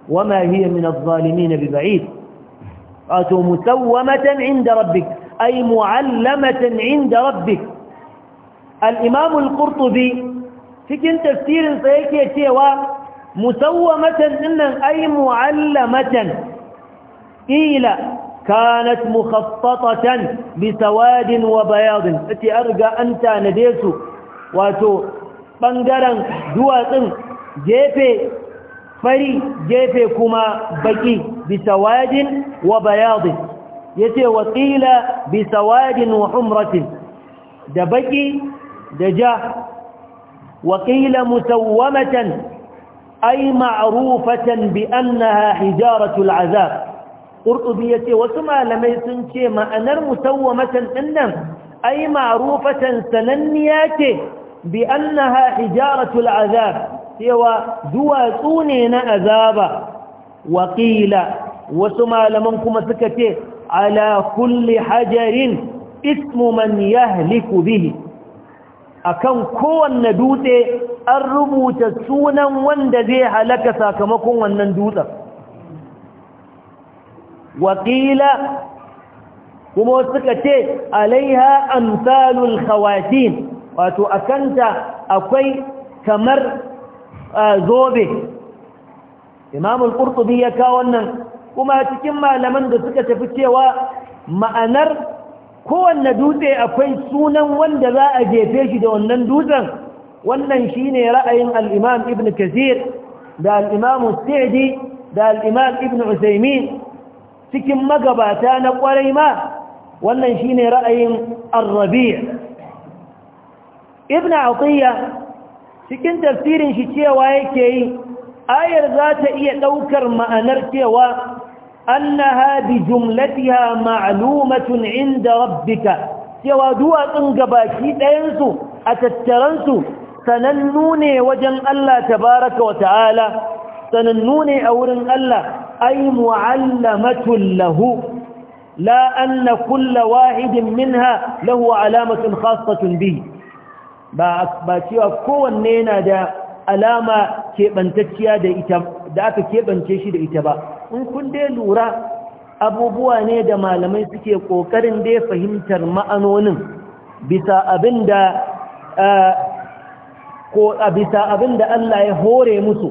وما هي من الظالمين ببعيد قاتوا مسومة عند ربك أي معلمة عند ربك الإمام القرطبي في كن تفسير yake cewa مسومة إن أي معلمة ƙila kanat mukhaffatan bi sawadin wa bayadin ati arga an tanade su wato ɓangaren duwatsun gefe fari gefe kuma baƙi bi sawadin wa bayadin yace wa qila bi sawadin wa humratin da baki da ja wa qila musawwamatan ay ma'rufatan bi annaha hijaratu al'azab qurtubi yace wasu malamai sun ce ma'anar musawwamatan dinnan ay ma'rufatan sananniya ce bi annaha hijaratul azab cewa duwatsu ne na azaba waƙila wasu malaman kuma suka ce ala kulli hajarin ismu man yahliku bihi akan kowanne dutse an rubuta sunan wanda zai halaka sakamakon wannan dutsen waƙila kuma suka ce alaiha amsalul khawatin wato akanta akwai kamar zobe imamul qurtubi ya kawo wannan kuma cikin malaman da suka tafi cewa ma'anar kowanne dutse akwai sunan wanda za a jefe shi da wannan dutsen wannan shine ra'ayin al-imam ibn kathir da al-imam sa'di da al-imam ibn usaymin cikin magabata na kwarai ma wannan shine ra'ayin ar ibn atiya cikin tafsirin shi cewa yake yi ayar za ta iya ɗaukar ma'anar cewa annaha bi jumlatiha ma'lumatun inda rabbika cewa duwatsun gabaki ɗayansu a tattaransu su sanannu ne wajen Allah tabaraka wa ta'ala sanannu ne a wurin Allah أي معلمة له لا أن كل واحد منها له علامة خاصة به ba cewa kowanne yana da alama keɓantacciya da ita da aka keɓance shi da ita ba in kun dai lura abubuwa ne da malamai suke ƙoƙarin dai fahimtar ma'anonin bisa abin da Allah hore musu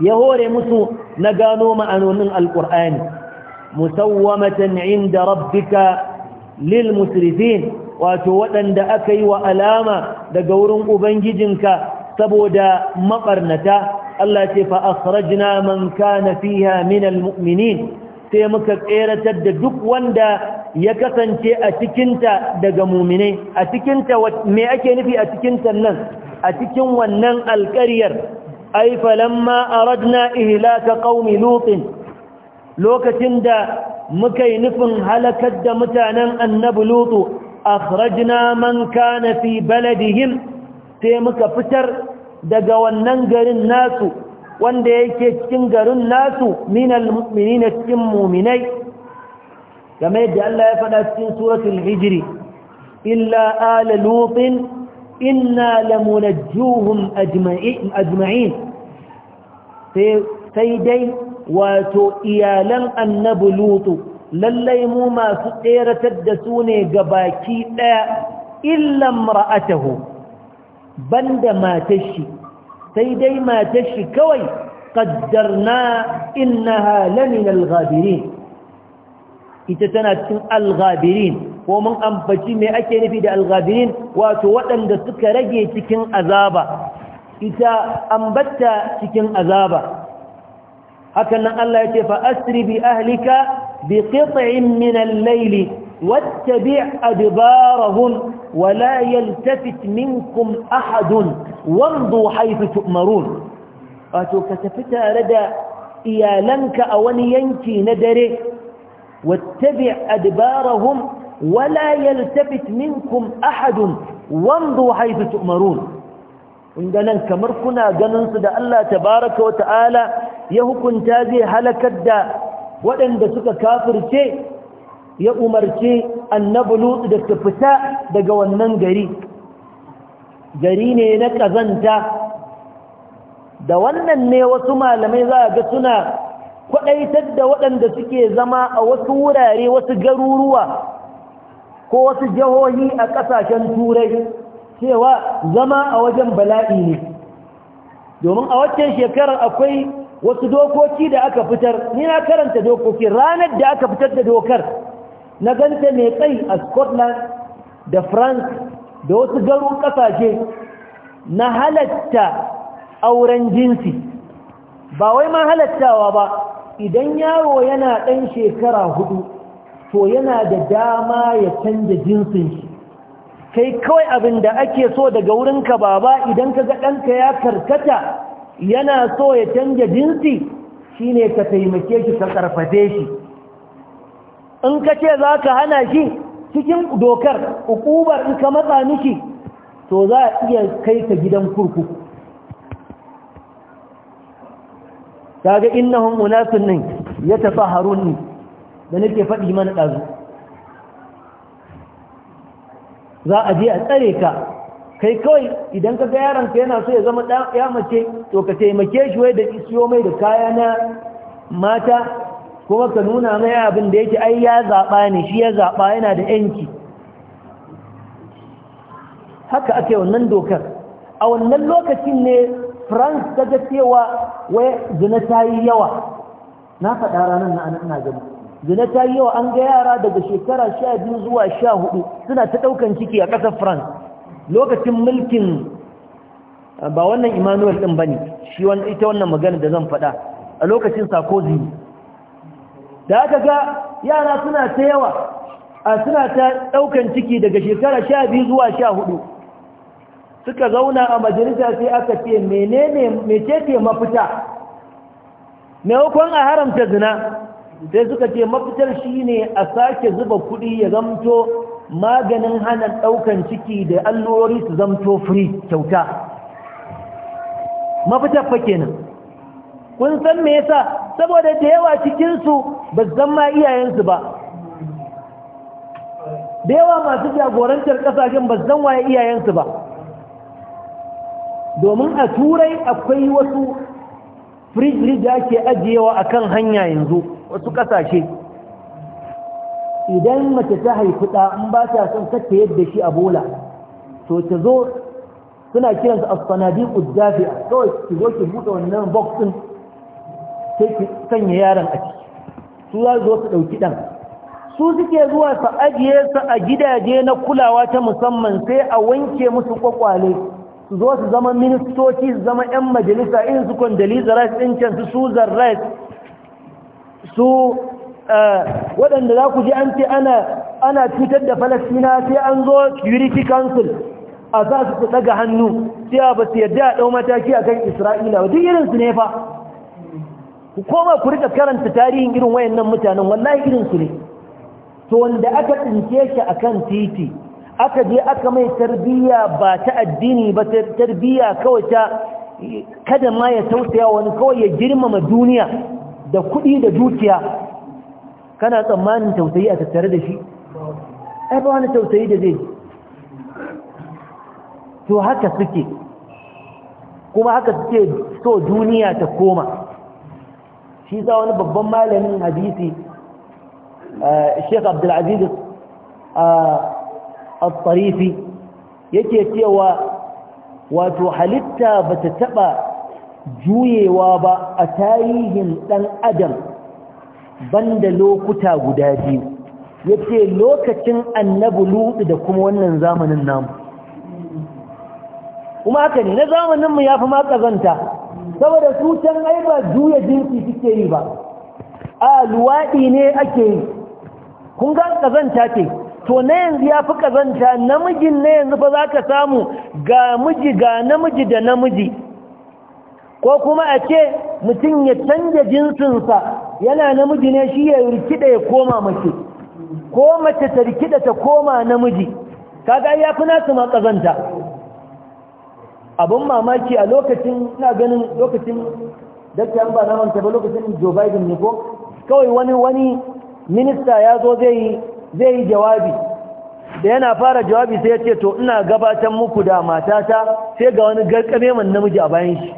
ya hore musu na gano ma'anonin alkur'ani musawwamatan inda rabbika lil musrifin wato waɗanda aka yi wa alama daga wurin ubangijinka saboda maɓarnata Allah ce fa akhrajna man kana fiha min almu'minin sai muka tseratar da duk wanda ya kasance a cikinta daga muminai a cikinta me ake nufi a cikinta nan a cikin wannan alƙaryar ai falamma aradna ihlaka qaumi lutin lokacin da muka yi nufin halakar da mutanen annabi lutu akhrajna man kana fi baladihim sai muka fitar daga wannan garin nasu wanda yake cikin garin nasu minal mu'minina cikin mu'minai game da Allah ya faɗa cikin suratul hijri illa ala lutin inna lamunajjuhum ajma'in sai dai wato iyalan annabi lutu lallai mu masu tseratar da su ne ga baki ɗaya illan ra'atahu banda matashi sai dai matashi kawai qaddarna innaha laminal ghabirin ita tana cikin al ko mun ambaci me ake nufi da alghabirin wato waɗanda suka rage cikin azaba ita ambata cikin azaba hakan nan Allah yace fa asri bi ahlika bi qit'in min al-layl wattabi' adbarahum wa la yaltafit minkum ahadun wamdu haythu tu'marun wato ka tafi tare da iyalanka a wani yanki na dare wattabi' adbarahum ولا يلتفت منكم أحد وامضوا حيث تؤمرون inganan kamar kuna ganin su da Allah tabaraka wa ya hukunta zai halakar da waɗanda suka kafurce, ya umarce annabi Lut da ta fita daga wannan gari gari ne na kazanta da wannan ne wasu malamai za ga suna kwadaitar da waɗanda suke zama a wasu wurare wasu garuruwa ko wasu jihohi a ƙasashen turai cewa zama a wajen bala'i ne domin a waccan shekarar akwai wasu dokoki da aka fitar ni na karanta dokoki ranar da aka fitar da dokar na ganta mai tsayi a scotland da france da wasu garu ƙasashe na halatta auren jinsi ba wai ma halattawa ba idan yaro yana ɗan shekara hudu to yana da dama ya canza jinsin shi kai kawai abin da ake so daga wurinka baba idan ka ga ɗanka ya karkata yana so ya canza jinsi shine ka taimake shi ka karfafe shi in ka ce za ka hana shi cikin dokar ukubar in ka matsa miki to za a iya kai ka gidan kurkuku kaga innahum unasun nan ya tafaharun da nake faɗi mana ɗazu za a je a tsare ka kai kawai idan ka ga ka yana so ya zama ya mace to ka taimake shi wai da isiyo mai da kaya na mata kuma ka nuna mai abin da yake ai ya zaɓa ne shi ya zaɓa yana da yanki haka ake wannan dokar a wannan lokacin ne france ta ga cewa wai zina ta yi yawa na faɗa ranar na anan na zina ta yi yawa an ga yara daga shekara sha biyu zuwa sha hudu suna ta ɗaukan ciki a ƙasar france lokacin mulkin ba wannan emmanuel din ba ne shi ita wannan magana da zan faɗa a lokacin sarkozy da aka ga yara suna ta yawa a suna ta ɗaukan ciki daga shekara sha biyu zuwa sha hudu suka zauna a majalisa sai aka ce menene mecece mafita maimakon a haramta zina sai suka ce mafitar shi ne a sake zuba kuɗi ya zamto maganin hana ɗaukan ciki da allurori su zamto free kyauta mafitar fa kenan kun san me yasa saboda da yawa cikinsu ba zan ma iyayensu ba da yawa masu jagorantar kasashen ba zan waye iyayensu ba domin a turai akwai wasu Firij da ake ajiyewa a kan hanya yanzu wasu ƙasashe idan mace ta haifi ɗa in ba ta son kacce yadda shi a bola to ta zo suna kiransa a sanadi ƙuddafiya kawai ki zo ki buɗe wannan box ɗin sai sanya yaron a ciki su za zo su ɗauki ɗan su suke zuwa su ajiye su a gidaje na kulawa ta musamman sai a wanke musu kwakwale su zo su zama ministoci su zama 'yan majalisa in su kondaliza rice in can su suzan rice su eh, waɗanda za ku ji an ce ana cutar da falasina sai an zo security council a za su daga hannu sai ba su yadda a ɗau mataki a kan isra'ila duk irinsu ne fa ku koma ku rika karanta tarihin irin wayannan mutanen wallahi irinsu ne to wanda aka tsince shi a kan titi aka je aka mai tarbiyya ba ta addini ba ta tarbiyya kawai ta kada ma ya tausaya wani kawai ya girmama duniya da kuɗi da dukiya kana tsammanin tausayi a tattare da shi ai ba wani tausayi da zai to haka suke kuma haka suke so duniya ta koma shi za wani babban malamin hadisi eh, shekaru abdulaziz a ah, al-tarifi yake cewa wato halitta bata taba juyewa ba a tarihin dan adam banda lokuta guda biyu yace lokacin annabi ludu da kuma wannan zamanin namu kuma haka ne na zamanin mu yafi ma kazanta saboda su can juya jinsi suke yi ba a luwaɗi ne ake yi kun ga kazanta ce to na yanzu ya fi ƙazanta namijin na yanzu fa za ka samu ga miji ga namiji da namiji ko kuma a ce mutum ya canja jinsinsa yana namiji ne shi ya rikida ya koma mace ko mace ta rikida ta koma namiji kaga ya fi nasu ma ƙazanta abin mamaki a lokacin na ganin lokacin dakta an ba na manta ba lokacin Joe Biden ne ko kawai wani wani minista ya zo zai zai yi jawabi da yana fara jawabi sai ya ce to ina gabatar muku da matata sai ga wani garkame man namiji a bayan shi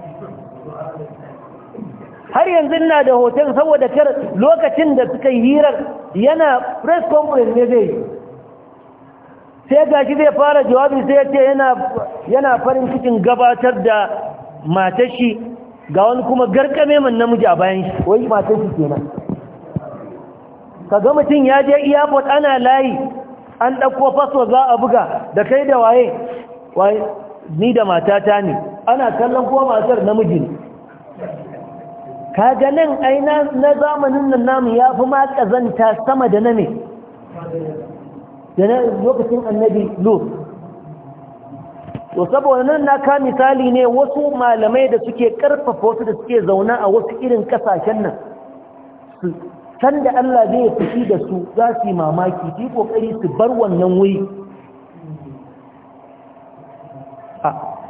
har yanzu ina da hoton saboda kar lokacin da suka yi hirar yana press conference ne zai sai ga shi zai fara jawabi sai ya ce yana farin cikin gabatar da matashi ga wani kuma garkame man namiji a bayan shi wai matashi kenan kaga mutum ya je Iyafot, ana layi an ɗauko faso za a buga da kai da waye waye ni da matata ne ana kallon kuwa matar namiji ne kaga nan aina na zamanin nan namu ya fi ma sama da na ne da na lokacin annabi Lo. to saboda nan na ka misali ne wasu malamai da suke ƙarfafa wasu da suke zauna a wasu irin kasashen nan sanda Allah zai fushi da su za su yi mamaki su yi kokari su bar wannan wuri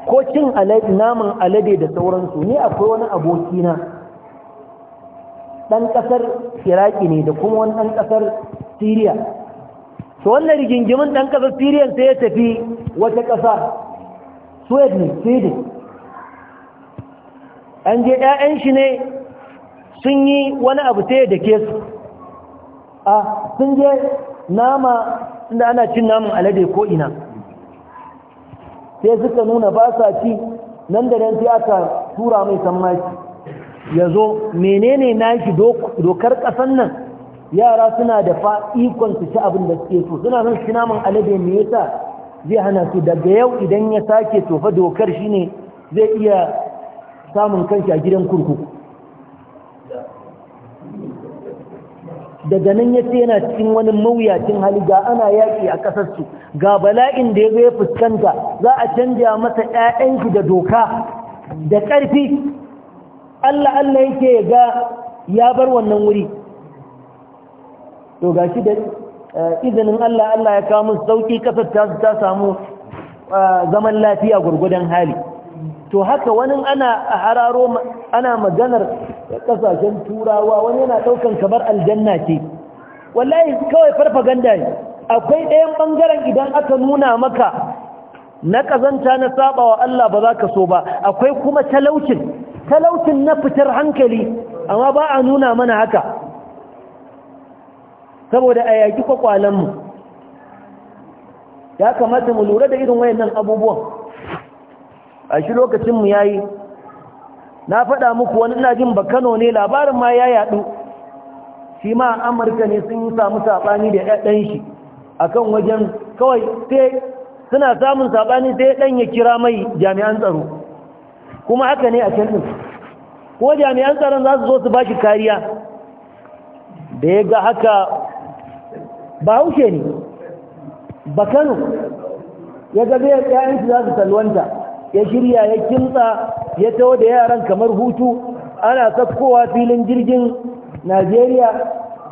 ko cin naman alade da sauransu ne akwai wani abokina ɗan ƙasar iraki ne da kuma wani ɗan ƙasar siriya to wannan rigingimin ɗan ƙasar siriyan sai ya tafi wata ƙasa sweden sweden an je 'ya'yan shi ne sun yi wani abu sai da ke su a sun je nama inda ana cin namun alade ko ina sai suka nuna ba sa ci nan da nan sai aka tura mai sammaki ya zo menene na nashi dokar kasan nan yara suna da fa ikon su ci abin da suke so suna nan ci namun alade me yasa zai hana su daga yau idan ya sake tofa dokar shine zai iya samun kanshi a gidan kurkuku daga nan ya ce yana cikin wani mawuyacin hali ga ana yaƙi a ƙasarsu ga bala'in da ya zo ya fuskanta za a canja masa ƴaƴanki da doka da ƙarfi Allah Allah yake ga ya bar wannan wuri to ga shi da eh, izinin Allah Allah ya kawo musu sauƙi ƙasar ta ta samu eh, zaman lafiya gurgudan hali to haka wani ana hararo ana maganar da kasashen turawa wani yana daukan kamar aljanna ce wallahi kawai farfaganda ne akwai ɗayan ɓangaren idan aka nuna maka na ƙazanta na saba wa Allah ba za ka so ba akwai kuma talaucin talaucin na fitar hankali amma ba a nuna mana haka saboda a yaƙi kwakwalenmu ya kamata mu lura da irin wayannan abubuwan a shi lokacinmu ya yi na faɗa muku wani ina jin ba kano ne labarin ma ya yaɗu shi ma amurka ne sun yi samu saɓani da ɗan shi a kan wajen kawai sai suna samun saɓani sai ɗan ya kira mai jami'an tsaro kuma haka ne a can ɗin ko jami'an tsaron za su zo su ba shi kariya da ya ga haka ba haushe ne ba kano ya gaba ya 'ya'yansu za su salwanta ya shirya ya kimsa ya taho da yaran kamar hutu ana sakkowa filin jirgin najeriya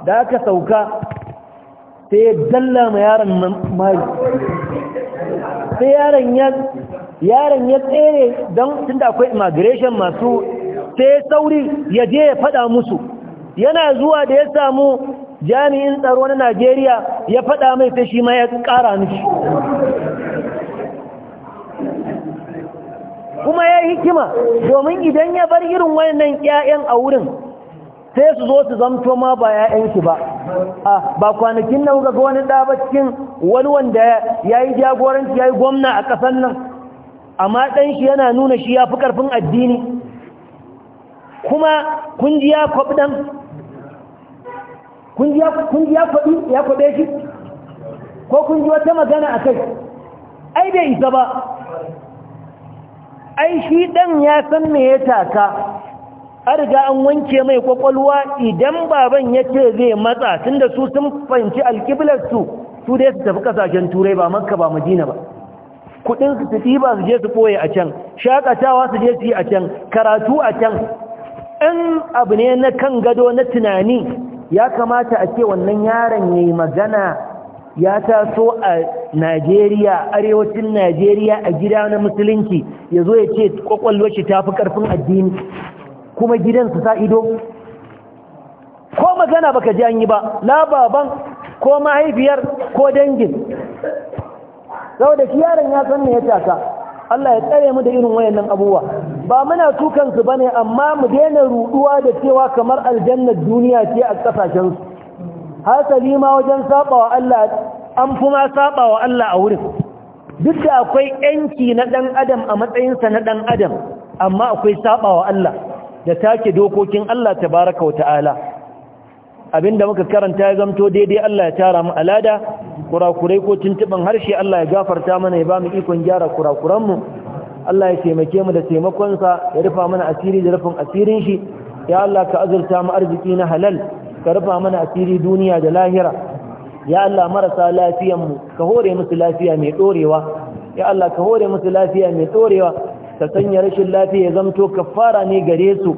da aka sauka sai ya dalla ma yaron nan sai yaron ya tsere don tunda akwai immigration masu sai sauri ya je ya fada musu yana zuwa da ya samu jami'in tsaro na najeriya ya fada mai sai shi ma ya kara mishi kuma ya hikima domin idan ya bar irin wannan ƴaƴan a wurin sai su zo su zamto ma ba ƴaƴan shi ba a ba kwanakin nan ga wani da ba cikin wani wanda yayi jagoranci yayi gwamna a ƙasar nan amma dan shi yana nuna shi ya fi karfin addini kuma kun ji ya kwabi dan kun ji ya kwabi ya kwabe shi ko kun ji wata magana akai ai bai isa ba ai shi ɗan ya san me ya taka an riga an wanke mai kwakwalwa idan baban ya ce zai matsa tun da su sun fahimci alkiblarsu su dai su tafi kasashen turai ba makka ba madina ba kudin su tafi ba su je su ɓoye a can shakatawa su je su yi a can karatu a can in abu ne na kan gado na tunani ya kamata a ce wannan yaron ya yi magana ya taso a najeriya arewacin najeriya a gida na musulunci ya zo ya ce kwakwalwar shi ta fi karfin addini kuma gidansa sa ido ko magana baka ji an yi ba na baban ko mahaifiyar ko dangin saboda shi yaron ya san me ya taka Allah ya tsare mu da irin wayannan abubuwa ba muna tukan su bane amma mu daina ruduwa da cewa kamar aljannar duniya ce a kasashen su hasali ma wajen sabawa Allah an fi ma saba wa Allah a wurin duk da akwai yanki na ɗan adam a matsayinsa na ɗan adam amma akwai saba wa Allah da take dokokin Allah ta baraka wa ta'ala abinda muka karanta ya zamto daidai Allah ya tara mu alada kurakurai ko tuntuban harshe Allah ya gafarta mana ya ba mu ikon gyara kurakuran mu Allah ya taimake mu da taimakonsa ya rufa mana asiri da rufin asirin shi ya Allah ka azurta mu arziki na halal ka rufa mana asiri duniya da lahira ya Allah marasa lafiyan mu ka hore musu lafiya mai dorewa ya Allah ka hore musu lafiya mai dorewa ka sanya rashin lafiya ya zamto kafara ne gare su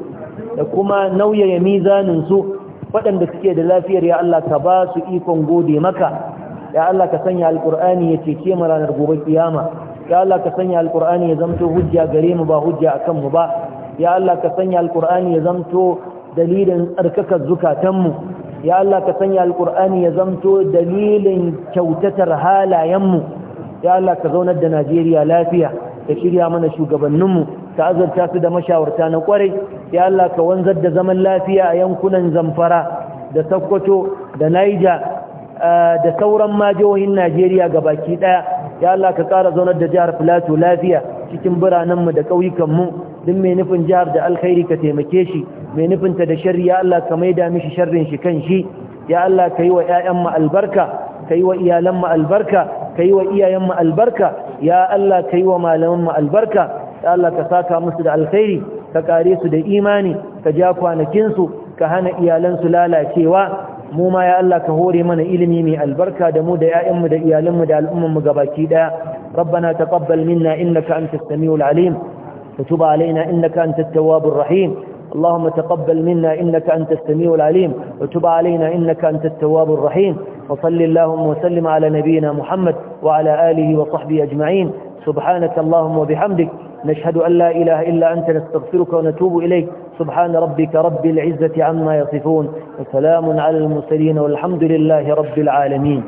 da kuma ya mizanin su waɗanda suke da lafiyar ya Allah ka ba su ikon gode maka ya Allah ka sanya alqur'ani ya cece mu ranar gobe kiyama ya Allah ka sanya alqur'ani ya zamto hujja gare mu ba hujja akan mu ba ya Allah ka sanya alqur'ani ya zamto dalilin tsarkakar zukatanmu ya Allah ka sanya alkur'ani ya zamto dalilin kyautatar halayenmu ya Allah ka zaunar da Najeriya lafiya ka shirya mana shugabanninmu ta azurta su da mashawarta na kwarai ya Allah ka wanzar da zaman lafiya a yankunan Zamfara da Sokoto da Niger da sauran majiyohin Najeriya ga baki daya ya Allah ka ƙara zaunar da jihar Plateau lafiya cikin biranenmu da ƙauyukanmu duk mai nufin jihar da alkhairi ka taimake shi mai nufinta da sharri ya Allah ka maida mishi sharrin shi kan shi ya Allah ka yi wa 'ya'yan mu albarka ka yi wa iyalan mu albarka ka yi wa iyayen mu albarka ya Allah ka yi wa malaman mu albarka ya Allah ka saka musu da alkhairi ka kare su da imani ka ja kwanakin su ka hana iyalan su lalacewa mu ma ya Allah ka hore mana ilimi mai albarka da mu da da mu da iyalan mu da al'umman mu gabaki daya ربنا تقبل منا إنك أنت السميع العليم وتب علينا إنك أنت التواب الرحيم اللهم تقبل منا إنك أنت السميع العليم وتب علينا إنك أنت التواب الرحيم وصل اللهم وسلم على نبينا محمد وعلى آله وصحبه أجمعين سبحانك اللهم وبحمدك نشهد أن لا إله إلا أنت نستغفرك ونتوب إليك سبحان ربك رب العزة عما يصفون وسلام على المرسلين والحمد لله رب العالمين